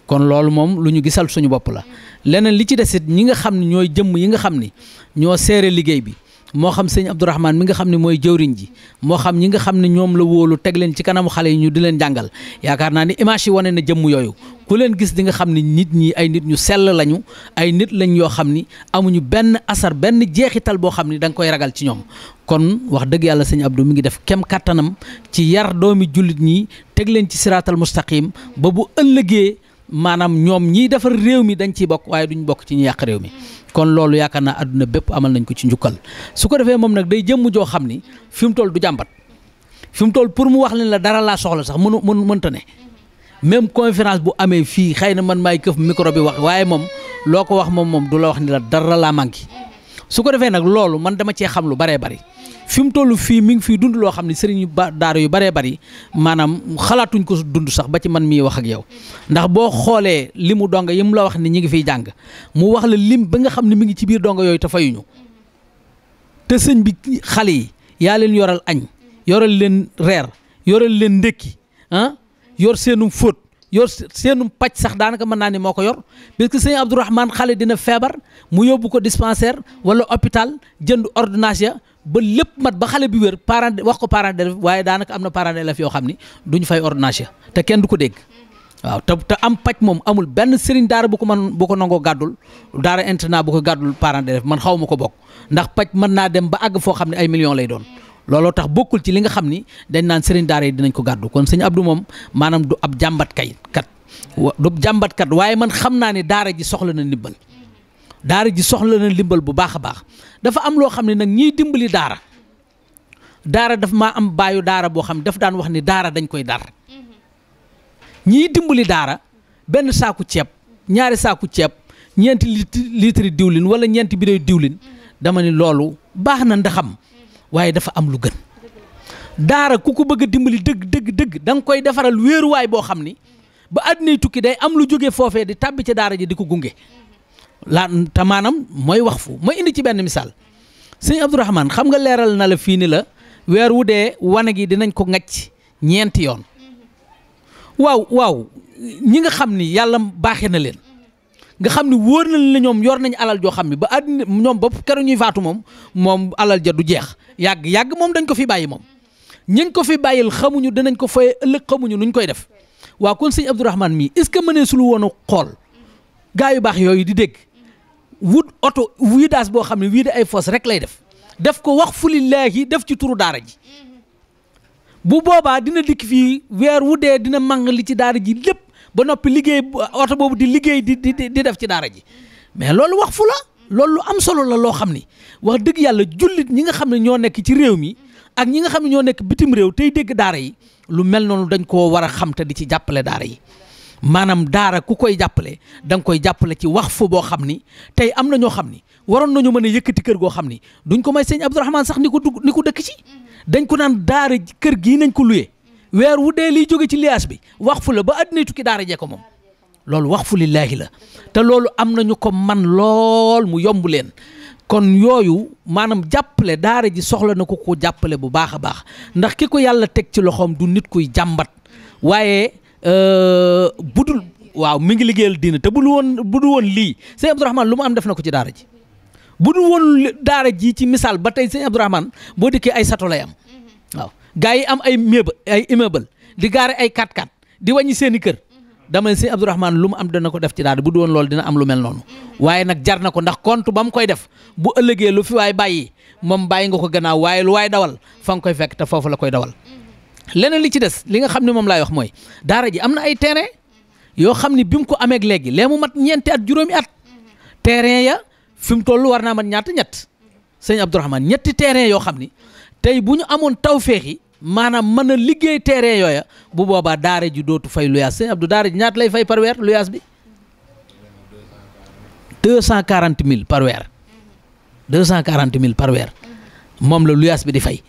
kon loolu moom lu ñu gisal suñu bopp la leneen li ci desit ñi nga xam ne ñooy jëmm yi nga xam ni ñoo seere liggéey bi moo xam sëñ Abdourahmane mi nga xam ne mooy jëwriñ ji moo xam ñi nga xam ne ñoom la wóolu teg leen ci kanamu xale yi ñu di leen jàngal yaakaar naa ni image yi wane na jëmm yooyu ku leen gis di xam ne nit ñi ay nit ñu sell lañu ay nit lañ yoo xam ni amuñu benn asar benn jeexital boo xam ni danga koy ragal ci ñoom kon wax dëgg yàlla sëñ Abdou mi ngi def kem kàttanam ci yar doomi jullit ñi teg leen ci siraatal mustaqim ba bu ëllëgee maanaam ñoom ñiy defar réew mi dañ ciy bokk waaye duñ bokk ci ñu yàq réew mi kon loolu yaakaar naa àdduna bépp amal nañ ko ci njukkal su ko defee moom nag day jëmm joo xam ni fi mu toll du jàmbat fi mu toll pour mu wax leen la dara laa soxla sax mënu mën mënta ne même conférence bu amee fii xëy na man maay këf micro bi wax waaye moom loo ko wax moom moom du la wax ni la dara laa manqué su ko defee nag loolu man dama cee xam lu baree bari fi mu toll fii mi ngi fii dund loo xam ne sëriñ ba daara yu baree bari maanaam xalaatuñ ko dund sax ba ci man mii wax ak yow ndax boo xoolee li mu dong yi mu la wax ni ñu ngi fiy jàng mu wax la lim ba nga xam ne mu ngi ci biir dong yooyu te fayuñu te sëñ bi xale yi yaa leen yoral añ yoral leen reer yoral leen ndékki ah yor seenum fóot yor seenum paj sax daanaka mën naa ni moo ko yor parce que sëñ Abdourahmane xale dina feebar mu yóbbu ko dispensaire wala hôpital jënd ordonnance ba lépp mat ba xale bi wér parent wax ko parent d'élève waaye daanaka am na parent d'élève yoo xam ni duñu fay ordonnance te kenn du ko dégg waaw te te am paj moom amul benn sëriñ daara bu ko mën bu ko nangoo gàddul daara internat bu ko gàddul parent d'élève man xaw ko bokk ndax paj mën naa dem ba àgg foo xam ne ay millions lay doon looloo tax bokkul ci li nga xam ni dañ naan sëriñ daara yi dinañ ko gàddu kon sëñ Abdou moom maanaam du ab jàmbatkay kay kat du jàmbat waaye man xam naa ne daara ji soxla na ndimbal daara ji soxla na ndimbal bu baax a baax dafa am loo xam ne nag ñiy dimbali daara daara daf maa am baayu daara boo xam daf daan wax ni daara dañ koy dar ñiy dimbali daara benn saaku ceeb ñaari saaku ceeb ñeenti litre diwlin wala ñeenti bidéy diwlin dama ni loolu baax na ndaxam waaye dafa am lu gën daara ku ko bëgg dimbali dëgg dëgg dëgg koy defaral wéeruwaay boo xam ni ba àddinay tukki day am lu jóge foofee di tàbbi ci daara ji di ko gunge laa te maanaam mooy wax fu ma indi ci benn misaal sëñ Abdourahman xam nga leeral na la fii ni la weer wu dee wane gi dinañ ko ŋacc ñeenti yoon waaw waaw ñi nga xam ni yàlla baaxee na leen nga xam ni wóor na la ñoom yor nañu alal joo xam ni ba àddina ñoom ba keroog ñuy faatu moom moom alal ja du jeex yàgg yàgg moom dañ ko fi bàyyi moom ñi ngi ko fi bàyyil xamuñu danañ ko fay ëllëg xamuñu nuñ koy def waa kon sëñ Abdourahmane mii est ce que mënee sulu woonu xool gaa yu baax yooyu di dégg wut oto vidange boo xam ne wii de ay fos rek lay def def ko wax fulillaahi def ci turu daara ji bu boobaa dina dikk fii weer wu dee dina màng li ci daara ji lépp ba noppi liggéey oto boobu di liggéey di di di def ci daara ji mais loolu wax fu la loolu lu am solo la loo xam ni wax dëgg yàlla jullit ñi nga xam ne ñoo nekk ci réew mi ak ñi nga xam ne ñoo nekk bitim réew tey dégg daara yi lu mel noonu dañ koo war a xam te di ci jàppale daara yi maanaam daara ku koy jàppale da koy jàppale ci wax fu boo xam ni tey am na ñoo xam ni waroon nañu mën a yëkkati kër goo xam ni duñ ko may sëñ Abdourahmane sax ni ko dugg ni ko dëkk ci dañ ko naan daara kër gii nañ ko luye weer wu dee liy jóge ci liaas bi wax fu la ba àddina tukki daara jee ko moom loolu waqfu lillaahi la te loolu am na ñu ko man lool mu yomb leen kon yooyu maanaam jàppale daara ji soxla na ko ko jàppale bu baax a baax ndax ki ko yàlla teg ci loxoom du nit kuy jàmbat waaye euh, budul waaw mi ngi liggéeyal diina te bu du woon bu du woon lii sëñ Abdourahmane lu mu am def na ko ci daara ji bu du woon daara ji ci misaal ba tey sëñ Abdourahmane boo dikkee ay sato lay am mm-hmm. waaw gaa yi am ay meuble ay immeuble di gaare ay 4x4 di wàññi seeni kër dama ne sëñ Abdourahmane lu mu am dana ko def ci daara bu doon loolu dina am lu mel noonu waaye nag jar na ko ndax kont ba mu koy def bu ëllëgee lu fi waay bàyyi moom bàyyi nga ko gannaaw waaye lu waay dawal fa nga koy fekk te foofu la koy dawal. leneen li ci des li nga xam ne moom laay wax mooy daara ji am na ay terrain yoo xam ne bi mu ko ameeg léegi lee mu mat ñeenti at juróomi at terrain ya fi mu toll war naa mat ñaata ñett sëñ Abdourahmane ñetti terrain yoo xam ni tey bu ñu amoon tawféex yi maanaam mën a liggéey terrain yooya bu boobaa daara ji dootu fay luyaas sëñ Abdou daara ji ñaata lay fay par weer luyaas bi deux cent quarante mille par weer deux cent quarante mille par weer moom la luyaas bi di fay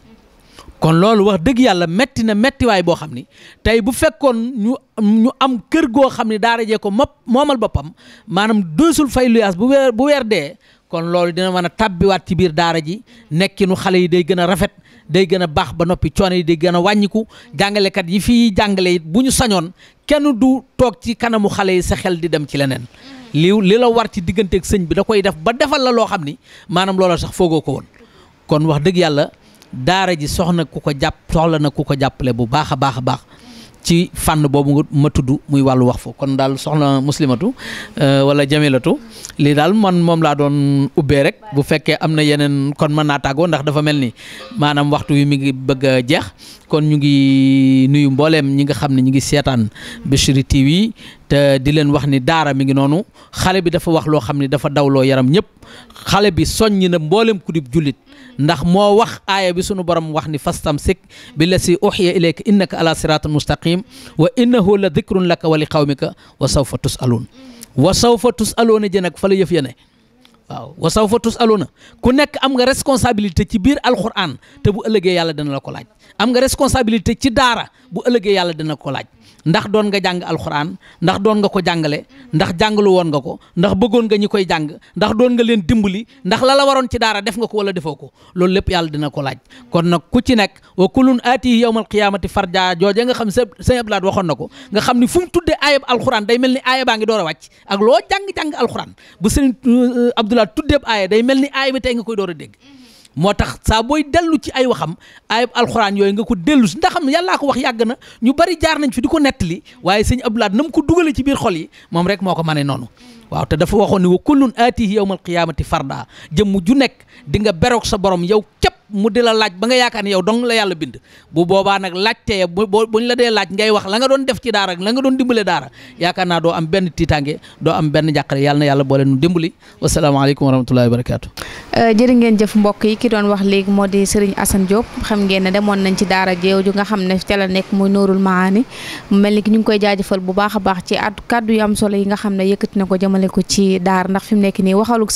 kon loolu wax dëgg yàlla metti na mettiwaay boo xam ni tey bu fekkoon ñu ñu am kër goo xam ni daara jee ko mop moomal boppam maanaam doosul fay luyaas bu weer bu weer dee kon loolu dina mën a tàbbiwaat ci biir daara ji nekkinu xale yi day gën a rafet day gën a baax ba noppi coono yi day gën a wàññiku jàngalekat yi fii jàngale it bu ñu sañoon kenn du toog ci kanamu xale yi sa xel di dem ci leneen li li la war ci digganteeg sëñ bi da koy def ba defal la loo xam ni maanaam loola sax foogoo ko woon kon wax dëgg yàlla daara ji soxna ku ko jàpp soxla na ku ko jàppale bu baax a baax a baax ci fànn boobu ma tudd muy wàllu wax fu kon daal soxna muslimatu euh, wala jamilatu lii daal man moom laa doon ubbee rek bu fekkee am na yeneen kon mën naa tàggoo ndax dafa mel ni maanaam waxtu wi mi ngi bëgg jeex kon ñu ngi nuyu mbooleem ñi nga xam ne ñu ngi seetaan Bichri TV te di leen wax ni daara mi ngi noonu xale bi dafa wax loo xam ne dafa dawloo yaram ñëpp xale bi soññ na mbooleem ku dib jullit ndax moo wax aaya bi sunu borom wax ni fastamsik bi la si uxiya ilayka innaka ala siraatin mustaqim wa innahu la dikrun laka wa li qawmika wa sawfa tusaluun wa sawfa tusaluuna jën ak fa la yëf ya ne waaw wa sawfa tusaluuna ku nekk am nga responsabilité ci biir alquran te bu ëllëgee yàlla dana la ko laaj am nga responsabilité ci daara bu ëllëgee yàlla dana ko laaj ndax doon nga jàng alxuraan ndax doon nga ko jàngale ndax jàngalu woon nga ko ndax bëggoon nga ñi koy jàng ndax doon nga leen dimbali ndax la la waroon ci daara def nga ko wala defoo ko loolu lépp yàlla dina ko laaj kon nag ku ci nekk wa kulun aatihi yawmal qiyaamati farja jooje nga xam sa sëñ Abdoulaye waxoon na ko nga xam ni fu mu tuddee aayab alxuraan day mel ni aaya baa ngi door a wàcc ak loo jàng-jàng alxuraan bu sëñ euh, Abdoulaye tuddeeb aaya day mel ni aaya bi tey nga koy door a moo tax saa booy dellu ci ay waxam ay alxuraan yooyu nga ko dellu si ndax xam yàllaa ko wax yàgg na ñu bari jaar nañ fi di ko nettali waaye sëñ Abdou Lahad na mu ko dugale ci biir xol yi moom rek moo ko mane noonu waaw te dafa waxoon ni wa kullun aatihi yawmal qiyaamati farda jëmm ju nekk di beroog sa borom yow képp mu di la laaj ba nga yaakaar ne yow dong la yàlla bind bu boobaa nag laajtee bu buñ la dee laaj ngay wax la nga doon def ci daara la nga doon dimbale daara yaakaar naa doo am benn tiitaange doo am benn njàqare yàlla na yàlla boole nu dimbali wasalaamaaleykum wa rahmatullahi wa barakaatu. Euh, jërë ngeen jëf mbokk yi ki doon wax léegi moo di Serigne Assane Diop xam ngeen ne demoon nañ ci daara nga xam ne ca la nekk muy Nuurul Maani mel ni ki ñu ngi koy jaajëfal a baax ci at kàddu yu am na ko jëmale jëmale ko ci daar ndax fi mu nekk nii waxalul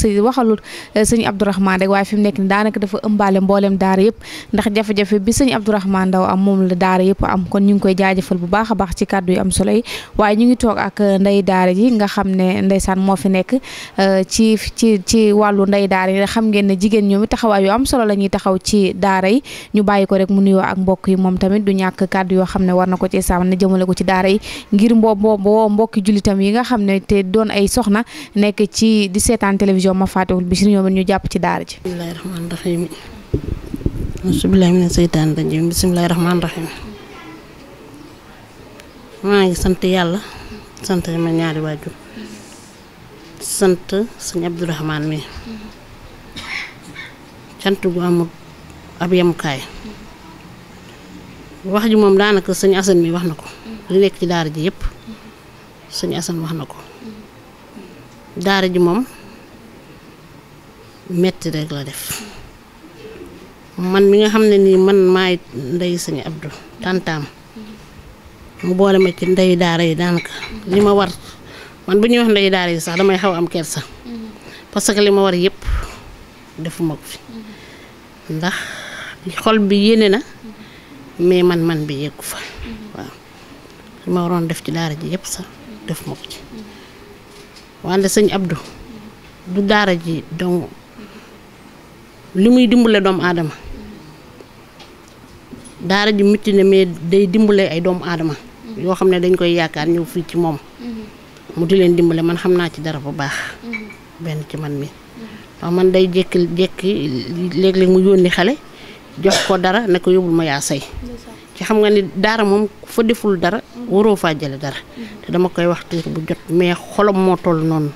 eh, sëñ waxalul rek waaye fi mu nekk nii daanaka dafa ëmbaale mboolem daara yëpp ndax jafe-jafe bi sëñ Abdourahmane Ndaw am moom la daara yëpp am kon ñu ngi koy jaajëfal bu baax a baax ci kàddu yu am solo yi waaye ñu ngi toog ak eh, ndey daara ji nga xam ne ndeysaan moo fi nekk eh, ci ci ci wàllu ndey daara yi xam ngeen ne jigéen ñoom taxawaay yu am solo la ñuy taxaw ci daara yi ñu bàyyi ko rek mu nuyoo ak mbokk yi moom tamit du ñàkk kàddu yoo xam ne war na ko ci sàmm ne jëmale ko ci daara yi Ibrahima nekk ci di seetaan télévision ma faatihul Bichri ñoom ñu jàpp ci daara ji. bismillahi rahmaani rahiim bismillahi mina seytaani rajiim bismillahi rahmaani maa ngi sant yàlla sant ma ñaari waajur sant sëñ Abdourahman mi sant gu amul ab yemukaay wax ji moom daanaka sëñ Assane mi wax na ko li nekk ci daara ji yépp sëñ Assane wax na ko daara ji moom metti rek la def man mi nga xam ne nii man maay ndey sëñ Abdou tantaam mu boole ma ci ndey daara yi daanaka li ma war man bu ñuy wax ndey daara yi sax damay xaw am kersa parce que li ma war yëpp defuma ko fi ndax xol bi yéene na mais man man bi yeggu fa waaw li ma waroon def ci daara ji yëpp sax defuma ko ci wante sëñ Abdou du daara ji donc li muy dimbale doomu aadama daara ji mucc ne mais day dimbale ay doomu aadama yoo xam ne dañ koy yaakaar ñëw fii ci moom mu di leen dimbale man xam naa ci dara bu baax benn ci man mi ndax man day jékki jékki léeg-léeg mu yónni xale jox ko dara ne ko yóbbul ma yaa say ci xam nga ni daara moom fa deful dara waroo faa jële dara te dama koy wax tiir bu jot mais xolam moo toll noonu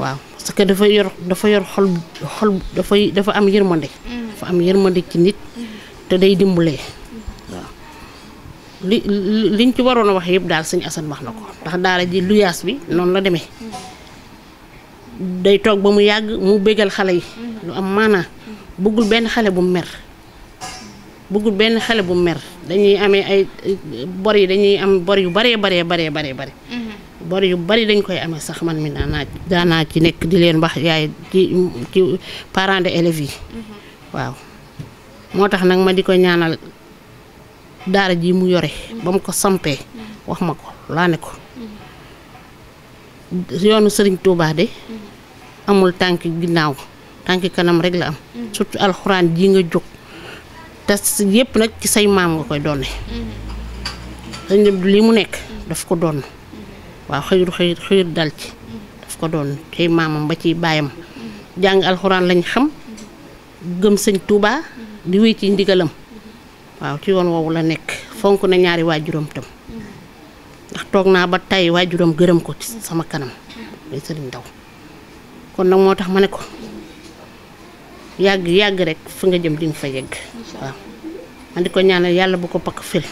waaw parce que dafa yor dafa yor xol xol dafa am yërmande dafa am yërmande ci nit te day dimbalee waaw li liñ ci waroon a wax yëpp daal sëñ Assane wax na ko ndax daara ji yaas bi noonu la demee day toog ba mu yàgg mu bégal xale yi lu am maanaa bëggul benn xale bu mer bëggul benn xale bu mer dañuy amee ay bor yi dañuy am bor yu baree baree baree baree bare mhm. bor yu bari dañ koy amee sax man mi daanaa daanaa ci nekk di leen wax yaay ci ci de élèves yi mhm. waaw moo tax nag ma di ko ñaanal daara ji mu yore mhm. ba mu ko sampee wax ma ko laa ne ko yoonu sëriñ Touba de amul tànk ginnaaw tànk kanam rek la am surtout alxuraan ji nga jóg te yëpp nag ci say maam nga koy doone sëñ mm-hmm. lii mu nekk mm-hmm. daf ko donn mm-hmm. waaw xëyur xëyur xëyur dal ci daf ko doon ci maamam ba ci baayam jàng alxuraan lañ xam gëm sëñ Touba di wéy ci ndigalam waaw ci yoon woowu la nekk fonk na ñaari waajuram tam ndax toog naa ba tey waajuram gërëm ko ci sama kanam day sëriñ ndaw kon nag moo tax ma ne ko yàgg yàgg rek fu nga jëm di fa yegg waaw man di ko ñaanal yàlla bu ko pakk fil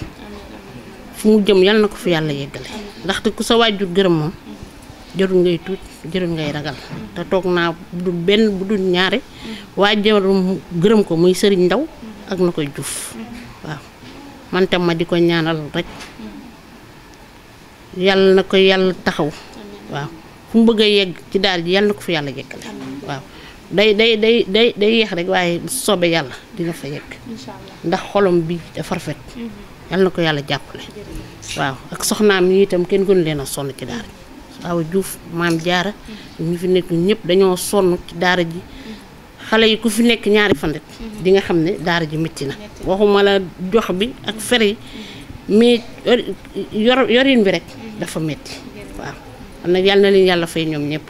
fu mu jëm yàlla na ko fi yàlla yeggale ndaxte ku sa waajur gërëm moom mm. jarul ngay tuut jarul ngay ragal mm. te toog naa bu dul benn bu dul ñaare mm. waajuram gërëm ko muy sëriñ ndaw ak na koy juuf waaw man ma di ko ñaanal rek yàlla na ko yàlla taxaw waaw fu mu bëgg a yegg ci daal ji yàlla na ko fi yàlla yeggale waaw day day day day day yéex rek waaye sobe yàlla dina fa yegg. ndax xolom bi dafa rafet. Mhm. yal na ko yàlla jàppale. waaw ak soxnaam yi itam kenn gënu leen a sonn ci daara ji. waaw jaara mhm. ñu fi nekk ñëpp dañoo sonn ci daara ji. Mhm. xale yi ku fi nekk ñaari fan rek di nga xam ne daara ji métti na waxuma la jox bi ak fere yi mais yorin bi rek dafa metti waaw am nag yàlla na leen yàlla fay ñoom ñëpp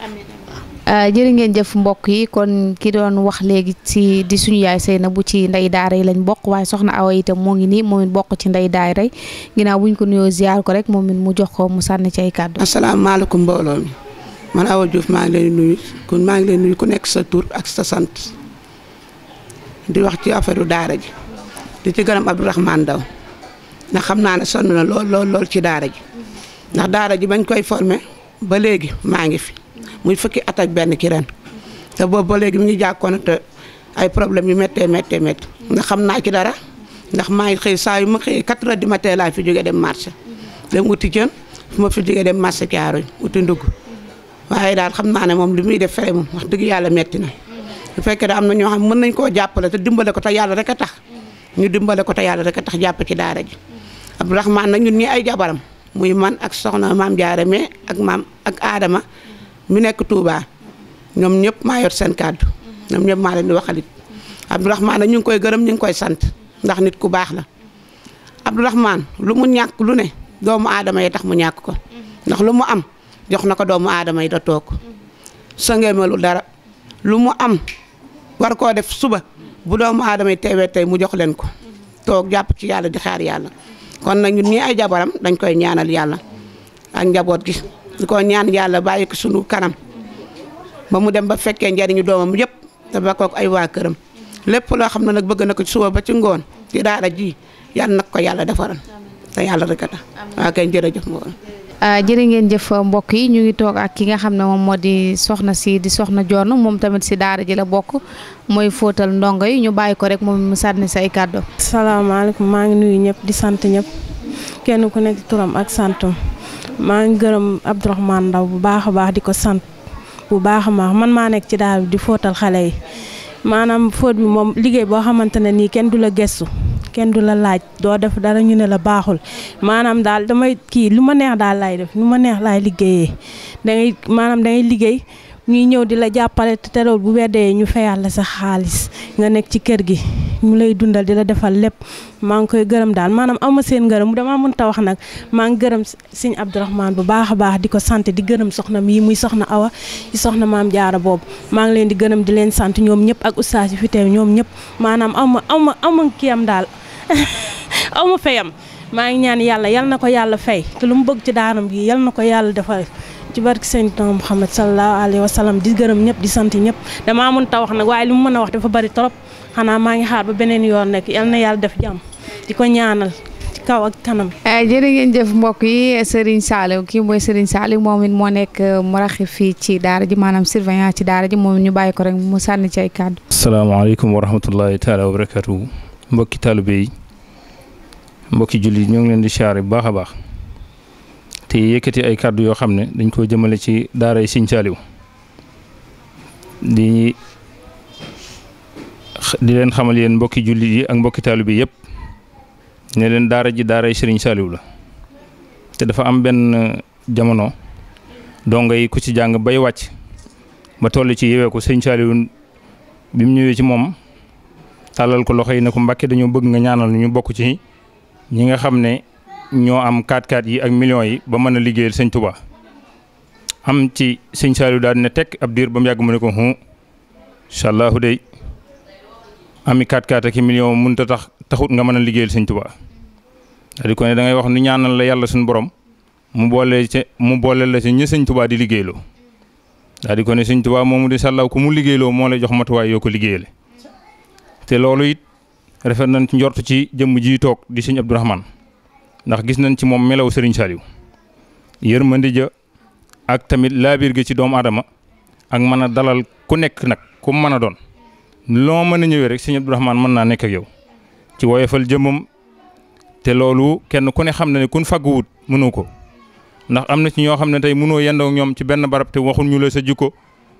Euh, jërë ngeen jëf mbokk yi kon ki doon wax léegi si di suñu yaay na bu ci ndey daara yi lañ bokk waaye soxna Awa itam moo ngi nii moom it bokk ci ndey daara yi ginnaaw buñ ko nuyoo ziar ko rek moom it mu jox ko mu sànni ci ay kàddu. asalaamaaleykum mbooloo Awa Diouf maa ngi nuyu kon maa ngi leen nuyu ku nekk sa tur ak sa sant di wax ci affaire daara ji di ci gërëm Abdourahmane Daw ndax xam naa ne sonn na lool lool ci daara ji ndax daara ji bañ koy formé ba léegi maa ngi fi. muy fukki at benn ci ren te boobu léegi mu ngi jàkkoon te ay problème yu méttee méttee métti ndax xam naa ci dara ndax maa ngi xëy saa yu ma xëyee 4 heures du matin laa fi jógee dem marché dem wuti jën fu ma fi jógee dem marché Caaroy wuti ndugg waaye daal xam naa ne moom li muy def fere moom wax dëgg yàlla metti na bu fekkee da am na ñoo xam mën nañ koo jàppale te dimbale ko te yàlla rek a tax ñu dimbale ko te yàlla rek a tax jàpp ci daara ji Abdourahmane nag ñun ñi ay jabaram man ak soxna maam Jaara mais ak maam ak Adama mu nekk tuuba ñoom ñëpp maa yor seen kàddu ñoom ñëpp maa leen di waxalit Abdourahmane ñu ngi koy gërëm ñu ngi koy sant ndax nit ku baax la Abdourahmane lu mu ñàkk lu ne doomu aadama yi tax mu ñàkk ko ndax lu mu am jox na ko doomu aadama yi da toog sëngeemalu dara lu mu am war koo def suba bu doomu aadama yi teewee tey mu jox leen ko toog jàpp ci yàlla di xaar yàlla kon nag ñii ay jabaram dañ koy ñaanal yàlla ak njaboot gi di ko ñaan yàlla bàyyi ko sunu kanam ba mu dem ba fekkee njariñu doomam yëpp te ba ko ay waa këram lépp loo xam ne nag bëgg na ko suba ba ci ngoon ci daara ji yal na ko yàlla defaral te yàlla rek a tax kay jërëjëf ah, ngeen jëf mbokk yi ñu ngi toog ak ki nga xam ne moom moo di soxna si di soxna Joon moom tamit si daara ji la mbokk mooy fóotal ndongo yi ñu bàyyi ko rek moom mu sànni say kàddu. salaamaaleykum maa ngi nuyu ñëpp di sant ñëpp kenn ku nekk turam ak santum maa ngi gërëm Abdourahmane Ndaw bu baax a baax di ko sant bu baax a baax man maa nekk ci daal di fóotal xale yi maanaam fóot bi moom liggéey boo xamante ne nii kenn du la gestu kenn du la laaj doo def dara ñu ne la baaxul maanaam daal damay kii lu ma neex daal lay def lu ma neex laay liggéeyee dangay maanaam dangay liggéey. ñuy ñëw di la jàppale te loolu bu weddee ñu fayal la sa xaalis nga nekk ci kër gi ñu lay dundal di la defal lépp maa ngi koy gërëm daal maanaam ama seen ngërëm damaa mënta wax nag maa ngi gërëm sëñ Abdourahmane bu baax a baax di ko sant di gërëm soxna mii muy soxna Awa di soxna maam jaara boobu maa ngi leen di gërëm di leen sant ñoom ñëpp ak ustaas yi fi teew ñoom ñëpp maanaam ama ama ama kiiyam daal ama [LAUGHS] fayam maa ngi ñaan yàlla yal na ko yàlla fay te lu mu bëgg yàlla defal ci barke Seydina Muhammad sallallahu alayhi wa sallam di gërëm ñëpp di santi ñëpp damaa mën ta wax nag waaye li mu mën a wax dafa bari trop xanaa maa ngi xaar ba beneen yoon nekk yal na yàlla def jàmm di ko ñaanal ci kaw ak kanam. Eh, jërë ngeen jëf mbokk yi Serigne Saliou kii mooy Serigne Saliou moom it moo nekk euh, muraxib fii ci daara ji maanaam surveillant ci daara ji moom ñu bàyyi ko rek mu sànni ci ay kàddu. salaamaaleykum wa rahmatullahi taala wa barakatuhu mbokki taalibe yi mbokki jullit ñoo ngi leen di siyaare bu baax baax. te yëkkati ay kàddu yoo xam ne dañ koo jëmale ci daaray Sëñ Saaliw di di leen xamal yéen mbokki jullit yi ak mbokki taalibe yi yëpp ne leen daara ji daaray Sëriñ Saaliw la te dafa am benn jamono dongo yi ku ci jàng bay wàcc ba toll ci yewee ko Sëñ Saaliw bi mu ñëwee ci moom tàllal ko loxo yi ne ko Mbàkke dañoo bëgg nga ñaanal ñu bokk ci ñi nga xam ne ñoo am 4 x yi ak millions yi ba mën a liggéeyal sëñ Touba am ci sëñ Saliou daal dina tekk ab diir ba mu yàgg mu ne ko hu incha allahu day ami 4x4 ak i millions mënut a tax taxut nga mën a liggéeyal sëñ Touba daal di ko ne da wax nu ñaanal la yàlla suñu borom mu boole ci mu boole la ci ñi sëñ Touba di liggéeyloo daal di ko ne sëñ Touba moomu di sàllaw ko mu liggéeyloo moo la jox matuwaay yoo ko liggéeyale te loolu it rafet nañ ci ci jëmm ji toog di sëñ Abdourahmane ndax gis nañ ci moom melaw Serigne Saliou yërmandi ja ak tamit laabiir gi ci doomu aadama ak mën a dalal ku nekk nag ku mën a doon loo mën a ñëwee rek Serigne Abdou mën naa nekk ak yow ci woyofal jëmmam te loolu kenn ku ne xam na ne kun fagguwut mënoo ko ndax am na ci ñoo xam ne tey mënoo yendoo ñoom ci benn barab te waxuñ ñu la sa ko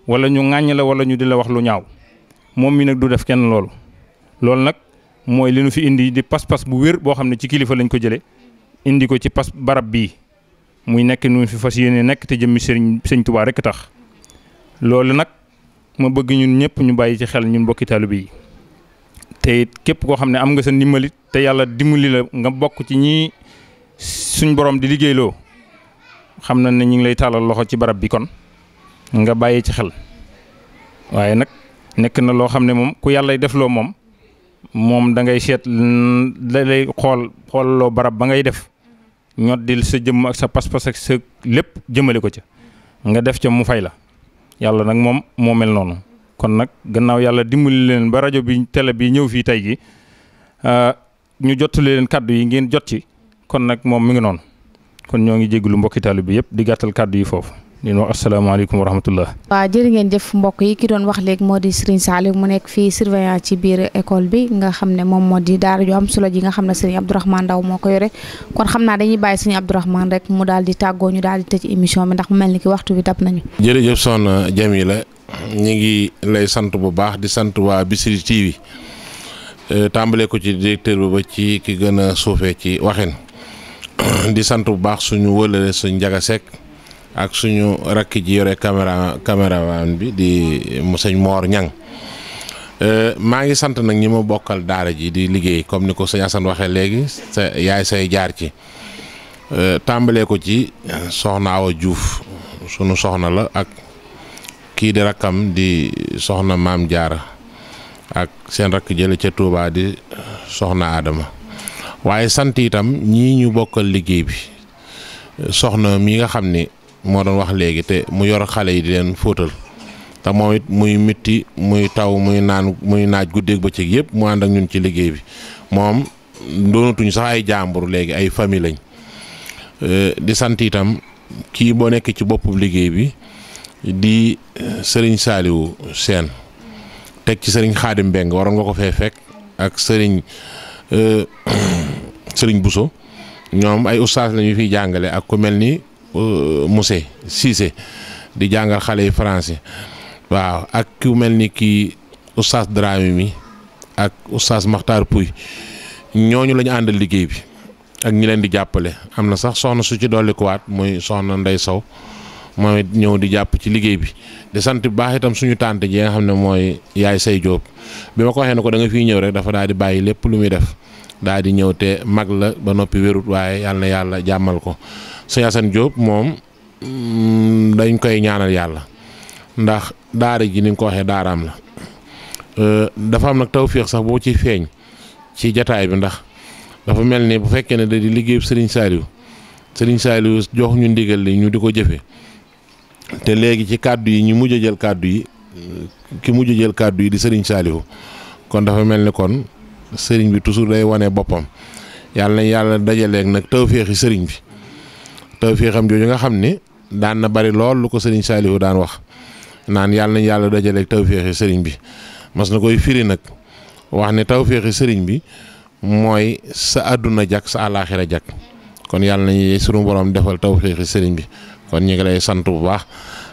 wala ñu ŋàññ la wala ñu di la wax lu ñaaw moom mi nag du def kenn loolu loolu nag mooy li nu fi indi di pas-pas bu wér boo xam ne ci kilifa lañ ko jëlee. indi ko ci pas barab bii muy nekk nu fi fas yéene nekk te jëmmi sëriñ sëñ Tuubaa rek tax loolu nag ma bëgg ñun ñëpp ñu bàyyi ci xel ñu mbokki taalibe yi te képp koo xam ne am nga sa ndimbalit te yàlla dimbali la nga bokk ci ñi suñ boroom di liggéeyloo xam na ni ñu ngi lay tàllal loxo ci barab bi kon nga bàyyi ci xel waaye nag nekk na loo xam ne moom ku yàlla def loo moom moom dangay seet da lay xool xoolaloo barab ba ngay def ñoddil sa jëmm ak sa pas-pas ak sa lépp jëmale ko ca nga def ca mu fay la yàlla nag moom moo mel noonu kon nag gannaaw yàlla dimbali leen ba rajo bi tele bi ñëw fii tey gi euh, ñu jottali leen kàddu yi ngeen jot ci kon nag moom mi ngi noonu kon ñoo ngi jégalu mbokki taalibe bi yëpp di gàttal kàddu yi foofu di nu wax asalaamaaleykum wa rahmatullah. waaw jërë ngeen jëf mbokk yi ki doon wax léegi moo di Serigne Saliou mu nekk fii surveillant ci biir école bi nga xam ne moom moo di daara ju am solo ji nga xam ne Serigne Abdourahmane Ndaw moo ko yore kon xam naa dañuy bàyyi Serigne Abdourahmane rek mu daal di tàggoo ñu daal di tëj émission bi ndax mu mel ni ki waxtu bi dab nañu. jërëjëf soxna Jamila ñu ngi lay sant bu baax di sant waa Bichri TV eh, tàmbale ko ci directeur bi ci ki gën a ci waxin [COUGHS] di sant bu baax suñu wëlale suñu Njaga Sekk ak suñu rakk ji yore caméra caméraman bi di sëñ moor Ñang euh, maa ngi sant nag ñi ma bokkal daara ji di liggéey comme ni ko sëñ Assane waxee léegi sa yaay say jaar ci euh, tàmbalee ko ci soxna Awa Diouf sunu soxna la ak kii di rakkam di soxna maam jaara ak seen rakk jële ca Touba di soxna Adama waaye sant itam ñii ñu bokkal liggéey bi soxna mi nga xam ni moo doon wax léegi te mu yor xale yi di leen fóotal te moom muy mitti muy taw muy naan muy naaj guddeeg bëccëg yëpp mu ànd ak ñun ci liggéey bi moom doonatuñ sax ay jàmbur léegi ay famille lañ euh, di sant itam kii boo nekkee ci boppu liggéey bi di euh, sëriñ saaliwu seen teg ci sëriñ Xaadim Mbeng waroon nga ko fee fekk ak sëriñ euh, [COUGHS] sëriñ Bousso ñoom ay ustaas lañu fiy jàngale ak ku mel ni Euh, Mousse Cissé di jàngal xale yi français waaw ak ku mel ni kii oustaz Dramé mi ak oustaz Makhtar Pouy ñooñu la ñu àndal liggéey bi ak ñi leen di jàppale am na sax soxna su ci dolli kuwaat muy soxna Ndey Sow moom it ñëw di jàpp ci liggéey bi di sant bu baax itam suñu tànt ji nga xam ne mooy yaay say Jóob bi ma ko waxee ne ko danga nga fiy ñëw rek dafa daal di bàyyi lépp lu muy def daal di ñëw te mag la ba noppi wérut waaye yàlla na yàlla jàmmal ko sëñ jóob moom mm, dañ koy ñaanal yàlla ndax daara ji niñ nga ko waxee daaraam la euh, dafa am nag tawféex sax boo ci feeñ ci jataay bi ndax dafa mel ni bu fekkee ne da di liggéeyu Serigne Saliou Serigne Saliou jox ñu ndigal li ñu di ko jëfe te léegi ci kàddu yi ñu mujj jël kàddu yi ki mujj jël kàddu yi di Serigne Saliou kon dafa mel ni kon Serigne bi toujours day wane boppam yàlla nañ yàlla dajaleeg nag tawféexi Serigne bi. tawféexam jooju nga xam ni daan na bari lool lu ko sëriñ Saalihu daan wax naan yàlla nañ yàlla dajaleeg tawféexi sëriñ bi mas na koy firi nag wax ne tawféexi sëriñ bi mooy sa àdduna jak sa àllaaxira jak kon yàlla nañu sunu borom defal tawféexi sëriñ bi kon ñu ngi lay sant bu baax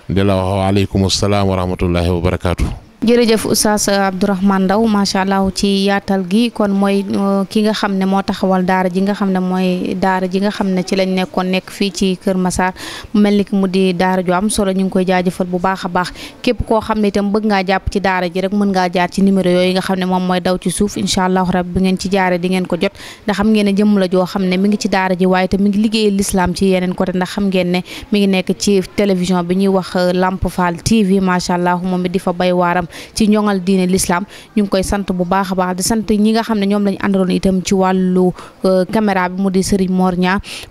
di la wax waaleykum salaam wa rahmatullahi wa barakaatu. jërëjëf Oustaz Abdourahmane Ndaw macha allah ci yaatal gi kon mooy uh, ki nga xam ne moo taxawal daara ji nga xam ne mooy daara ji nga xam ne ci lañ nekkoon nekk fii ci Kër Massar mel ni mu di daara ju am solo ñu ngi koy jaajëfal bu baax a baax képp koo xam ne itam bëgg ngaa jàpp ci daara ji rek mën ngaa jaar ci numéro yooyu nga xam ne moom daw ci suuf incha allah rab bi ngeen ci jaaree di ko jot ndax xam ne jëmm la joo xam ne mi ngi ci daara ji waaye te mi ngi liggéeyal lislaam ci yeneen côté ndax xam ngeen ne mi ngi nekk ci télévision bi ñuy wax uh, Lamp Fall TV macha allah moom it di fa bay waaram ci ñoŋal diine l'islam ñu ngi koy sant bu baax a baax di sant ñi nga xam ne ñoom lañ àndaloon itam ci wàllu euh, caméra bi mu di Serigne Mor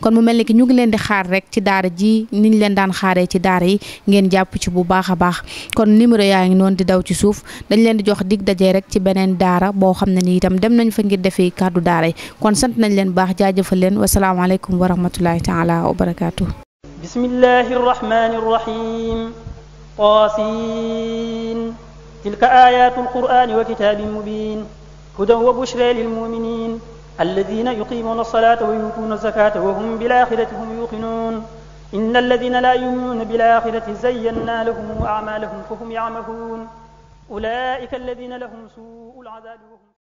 kon mu mel ni ki ñu ngi leen di xaar rek ci daara ji niñ leen daan xaaree ci daara yi ngeen jàpp ci bu baax a baax kon numéro yaa ngi noonu di daw ci suuf dañ leen di jox dig dajee rek ci beneen daara boo xam ne ni itam dem nañ fa ngir defee kàddu daara yi kon sant nañ leen baax jaajëfal leen wasalaamaaleykum wa rahmatullahi taala wa barakaatu bismillahi rahmani rahim qaasiin تلك آيات القرآن وكتاب مبين هدى وبشرى للمؤمنين الذين يقيمون الصلاة ويؤتون الزكاة وهم بالآخرة هم يوقنون إن الذين لا يؤمنون بالآخرة زينا لهم أعمالهم فهم يعمهون أولئك الذين لهم سوء العذاب وهم